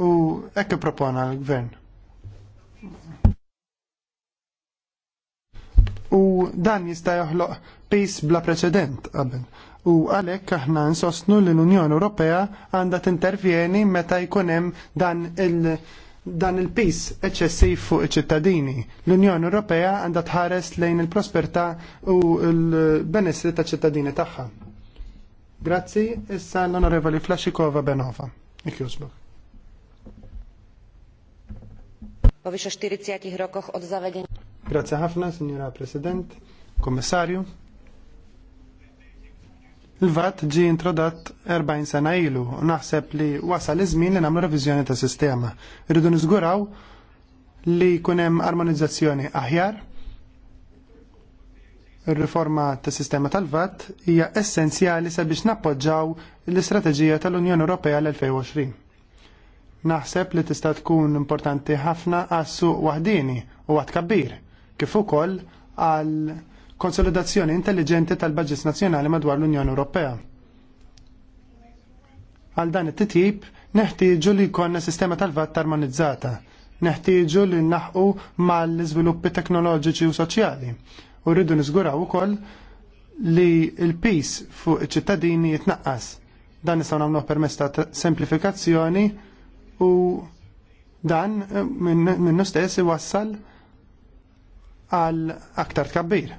u hekk propona l-gvern. U dan jista' joħloq pis bla preċedent qabel u għalhekk aħna nsostnu li l-Unjoni Ewropea għandha intervjeni meta jkun hemm dan il- dan il-pis eċċessiv fuq iċ-ċittadini. L-Unjoni Ewropea għandha tħares lejn il-prosperità u l-benessri ta' ċittadini tagħha. Grazzi, issa l-Onorevoli Flashikova Benova. Ikjusbuk. Grazie ħafna, Signora President, Kommissarju. Il-VAT ġi introdott 40 sena ilu, naħseb li wasal iż-żmien li nagħmlu reviżjoni ta' sistema. Irridu niżguraw li jkun hemm armonizzazzjoni aħjar. Ir-riforma tas sistema tal-VAT hija essenzjali sabiex nappoġġaw l-istrateġija tal-Unjoni Ewropea l-2020. Naħseb li tista' tkun importanti ħafna għas-suq waħdini u għad kabbir, kif ukoll għal konsolidazzjoni intelligenti tal baġġis nazzjonali madwar l-Unjoni Ewropea. Għal dan it-titjib, neħtieġu li jkollna sistema tal-vat armonizzata, neħtieġu li naħqu mal-iżviluppi teknoloġiċi u soċjali, u rridu niżguraw ukoll li l-pis fuq iċ-ċittadini jitnaqqas. Dan nistgħu nagħmluh permezz ta' semplifikazzjoni u dan eh, minnu stess iwassal għal aktar tkabbir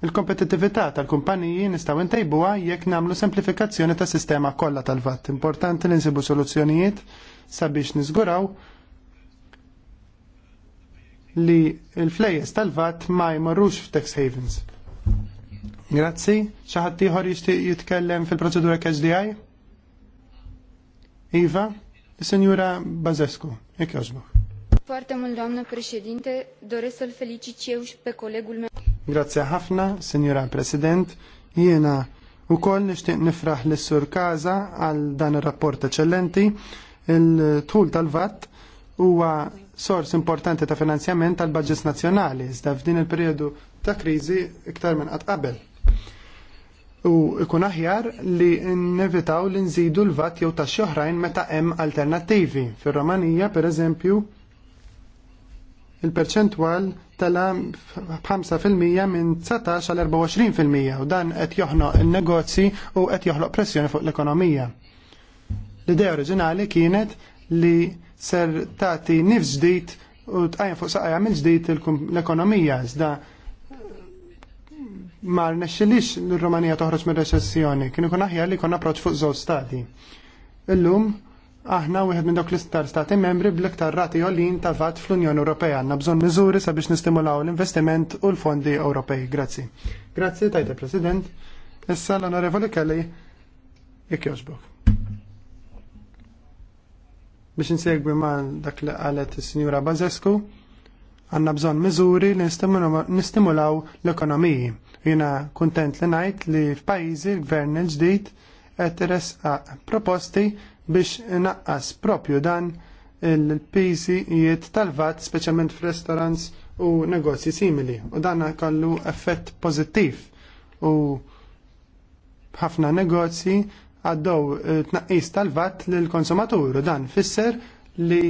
il kompetitività tal-kumpaniji nistgħu ntejbuha jekk nagħmlu semplifikazzjoni tas sistema kollha tal vatt Importanti li nsibu soluzzjonijiet sabiex niżguraw li l-flejjes tal vatt ma jmorrux f'tax havens. Grazzi, xi ħadd ieħor jixtieq jitkellem fil-proċedura KSDI? Iva, Signora Bazescu, jekk jogħġbok. Foarte președinte, doresc să-l felicit eu și pe colegul meu. Grazzi ħafna, Signora President. Jiena wkoll nixtieq nifraħ lis sur Kaza għal dan ir-rapport eċċellenti. Il-tul tal-VAT huwa sors importanti ta' finanzjament tal budgets nazzjonali iżda f'din il periodu ta' kriżi iktar minn qatt qabel. U ikun aħjar li nevitaw li nżidu l-VAT jew ta' oħrajn meta hemm alternattivi. Fir-Romanija, pereżempju, il-perċentwal tala 5 minn 19 għal 24% u dan qed joħnoq il-negozji u qed joħloq pressjoni fuq l-ekonomija. L-idea oriġinali kienet li ser tagħti nif ġdid u tqajjem fuq saqajja minn ġdid l-ekonomija iżda ma rnexxilix l-Romanija toħroġ minn reċessjoni kien ikun aħjar li jkun approċċ fuq żewġ stati. Illum aħna wieħed minn dawk l-istar stati membri bl-iktar rati għolin ta' vat fl-Unjoni Ewropea. Għandna bżonn miżuri sabiex nistimulaw l-investiment u l-fondi Ewropej. Grazzi. Grazzi, tajta President. Issa l-Onorevoli Kelly, jekk joġbok. Biex insegwi ma' dak li qalet is-Sinjura Bazescu, għandna bżonn miżuri li nistimulaw l-ekonomiji. Jiena kuntent li ngħid li f'pajjiżi l-gvern il-ġdid qed resqa proposti biex naqqas propju dan il-pisijiet tal-vat, speċjalment f'restorants u negozji simili. U dan kallu effett pożittiv u ħafna negozji għaddew eh, tnaqqis tal-vat lill konsumatur u dan fisser li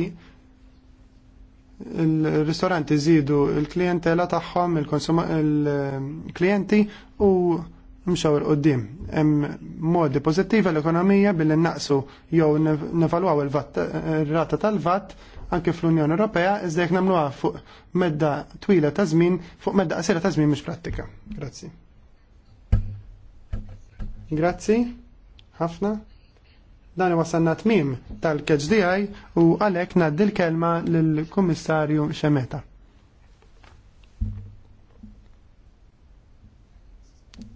il-ristoranti zidu il-klientela tagħhom, il-klijenti eh, u nimxaw il-qoddim. Hemm modi pożittivi l-ekonomija billi naqsu jew nevalwaw il-rata tal-vat anke fl-Unjoni Ewropea iżda jekk nagħmluha fuq medda twila ta' żmien fuq medda qasira ta' żmien mhux prattika. Grazzi. Grazzi ħafna. Dan wasalna tmiem tal-KHDI u għalhekk ngħaddi l-kelma lill-Kummissarju Xemeta.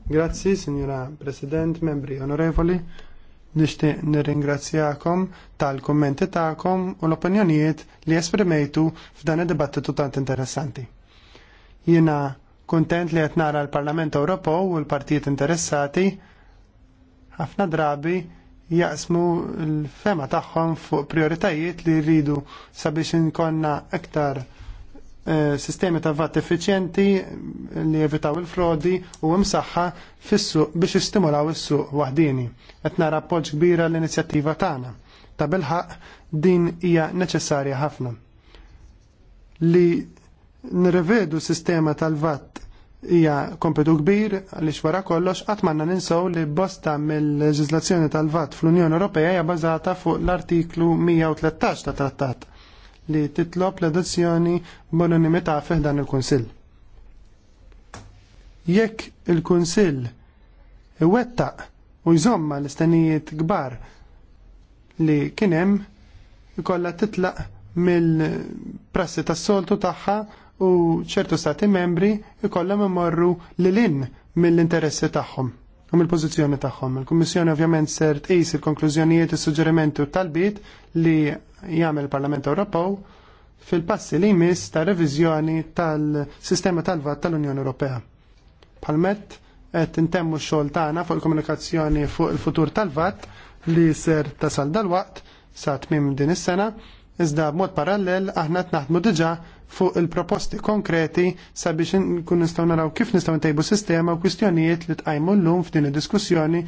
Grazzi, Signora President, membri onorevoli. Nishtiq nirringrazzjakom tal-kommenti tagħkom u l-opinjonijiet li esprimejtu f'dan id-dibattitu tant interessanti. Jiena kuntent li qed nara l-Parlament Ewropew u l-partijiet interessati ħafna drabi jaqsmu l-fema tagħhom fuq prioritajiet li rridu sabiex inkonna iktar Eh, sistemi ta' vat effiċjenti li jevitaw il-frodi u msaħħa fis-suq biex jistimulaw is-suq waħdini. Qed nara appoġġ kbira l-inizjattiva tagħna. Ta' bilħaq din hija neċessarja ħafna. Li nirrevedu sistema tal-vat hija kompetu kbir għaliex wara kollox qatt manna ninsaw li bosta mill leġizlazzjoni tal-vat fl-Unjoni Ewropea hija bażata fuq l-artiklu 113 ta' trattat li titlob l-adozzjoni b'unanimità fih dan il-Kunsill. Jekk il-Kunsill iwettaq u jżomma l istennijiet kbar li kienem ikolla titlaq mill-prassi tas-soltu tagħha u ċertu stati membri ikollhom imorru lil-in mill-interessi tagħhom u mill-pożizzjoni tagħhom. Il-Kummissjoni ovvjament ser tqis il-konklużjonijiet is-suġġerimenti u talbiet li jagħmel il-Parlament Ewropew fil-passi li jmiss ta' reviżjoni tal-sistema tal-vat tal-Unjoni Ewropea. Palmet qed intemmu x-xogħol tagħna fuq il-komunikazzjoni fuq il-futur tal-vat li ser tasal dal-waqt sa tmiem din is-sena, iżda b'mod parallel aħna qed naħdmu diġà fuq il-proposti konkreti sabiex nkun nistgħu naraw kif nistgħu ntejbu sistema u kwistjonijiet li tqajmu llum f'din id-diskussjoni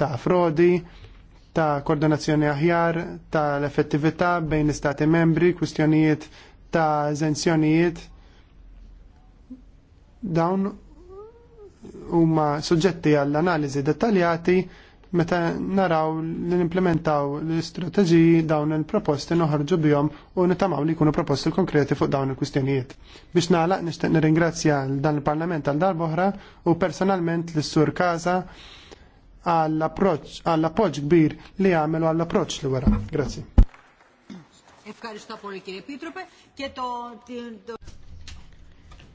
ta' frodi, ta' koordinazzjoni aħjar, ta' l-effettività bejn l-istati membri, kwistjonijiet ta' eżenzjonijiet. Dawn huma suġġetti għall-analiżi dettaljati meta naraw li nimplementaw l-istrateġiji dawn il-proposti noħarġu bihom u nitamaw li jkunu proposti konkreti fuq dawn il-kustjonijiet. Biex nagħlaq nixtieq nirringrazzja dan il-Parlament għal darboħra u personalment l sur Kaza għall-appoġġ kbir li għamelu għall-approċċ li wara. Grazie.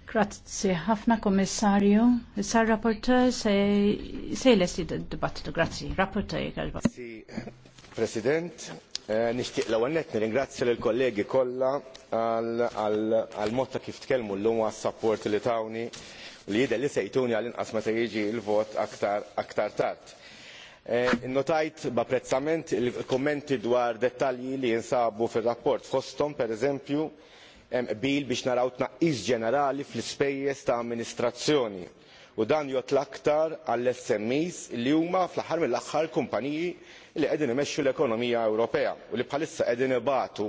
Grazzi ħafna komissarju. Sar rapporteur se lesti dibattitu. Grazzi. Rapporteur jgħalba. President, eh, nixtieq l-ewwel nett nirringrazzja lill kollegi kollha għall motta ta' kif tkellmu lum għas-support li tawni li jidher li sejtuni għal inqas se jiġi l-vot aktar tard. Eh, notajt b'apprezzament il-kommenti dwar dettalji li jinsabu fir-rapport per pereżempju hemm qbil biex naraw tnaqqis ġenerali fl-ispejjeż ta' amministrazzjoni u dan jgħod l-aktar għall smes li huma fl-aħħar mill-aħħar kumpaniji li qegħdin imexxu l-ekonomija Ewropea u li bħalissa qegħdin ibatu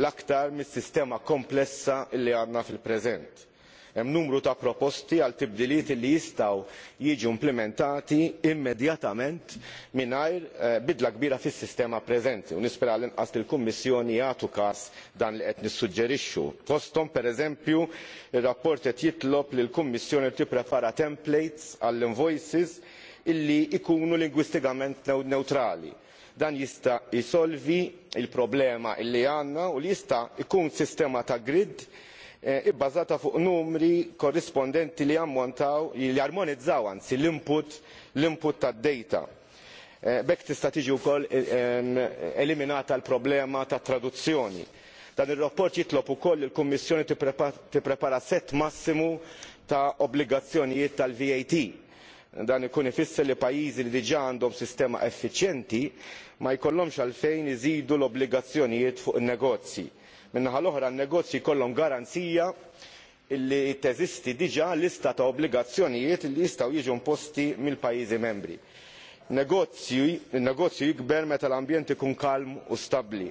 l-aktar mis-sistema komplessa li għandna fil-preżent. Hemm numru ta' proposti għal tibdiliet li jistgħu jiġu implementati immedjatament mingħajr eh, bidla kbira fis-sistema preżenti u nispera l inqas il-Kummissjoni jagħtu każ dan li qed nissuġġerixxu. Fosthom pereżempju ir-rapport qed jitlob lill kummissjoni tipprepara templates għall invoices illi jkunu lingwistikament newtrali dan jista' jsolvi l problema li għandna u li jista' jkun sistema ta' grid Eh, ibbażata fuq numri korrispondenti li ammontaw li jarmonizzaw anzi l-input l-input tad-data. Eh, B'hekk tista' tiġi wkoll eh, eliminata l-problema tat traduzzjoni. Dan ir-rapport jitlob ukoll il-Kummissjoni tipprepara set massimu ta' obbligazzjonijiet tal-VAT. Dan ikun ifisser li pajjiżi li diġà għandhom sistema effiċjenti ma jkollhomx għalfejn iżidu l-obbligazzjonijiet fuq in-negozji Min-naħa l-oħra n-negozji jkollhom garanzija illi teżisti diġà lista ta' obbligazzjonijiet li jistgħu jiġu imposti mill-pajjiżi membri. Negozju jikber meta l-ambjent ikun kalm u stabbli.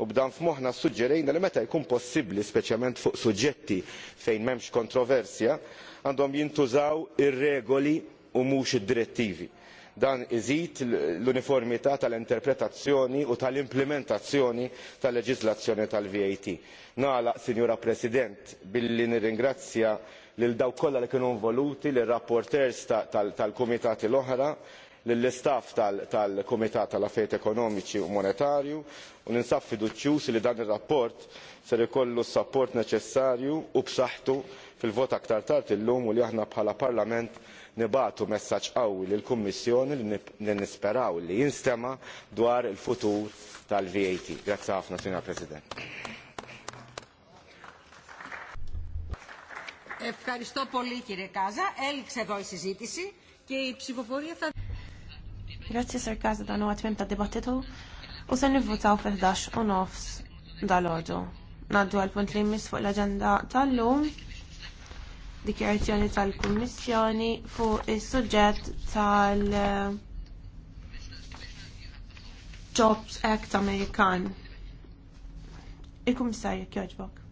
U b'dan f'moħħna suġġerejna li meta jkun possibbli speċjalment fuq suġġetti fejn m'hemmx kontroversja għandhom jintużaw ir-regoli u mhux id-direttivi dan iżid l-uniformità tal-interpretazzjoni u tal-implementazzjoni tal-leġiżlazzjoni tal-vat. nagħlaq sinjura president billi nirringrazzja lil dawk kollha li kienu involuti lir rapporters tal-kumitat tal kumitati l oħra lill-istaff tal kumitat tal affarijiet ekonomiċi u monetarju u ninsab fiduċjuż li dan ir-rapport ser ikollu s-sapport neċessarju u b'saħħtu fil-vot aktar tard illum u li aħna bħala parlament nibatu messaġġ qawwi lil kummissjoni li nisperaw li jinstema' dwar il-futur tal-VAT. Grazie ħafna, Sinjor President. Ευχαριστώ πολύ κύριε Κάζα. Έληξε εδώ η συζήτηση και η ψηφοφορία θα... Grazie Sir Kaza dan huwa tmiem ta' dibattitu u se nivvutaw fil u nofs dal-ħodu. Naddu punt li jmiss fuq l-aġenda tal-lum dikjarazzjoni tal-Kummissjoni fuq is-suġġett tal- eh, Jobs Act Amerikan. Il-Kummissarju kjoġbok.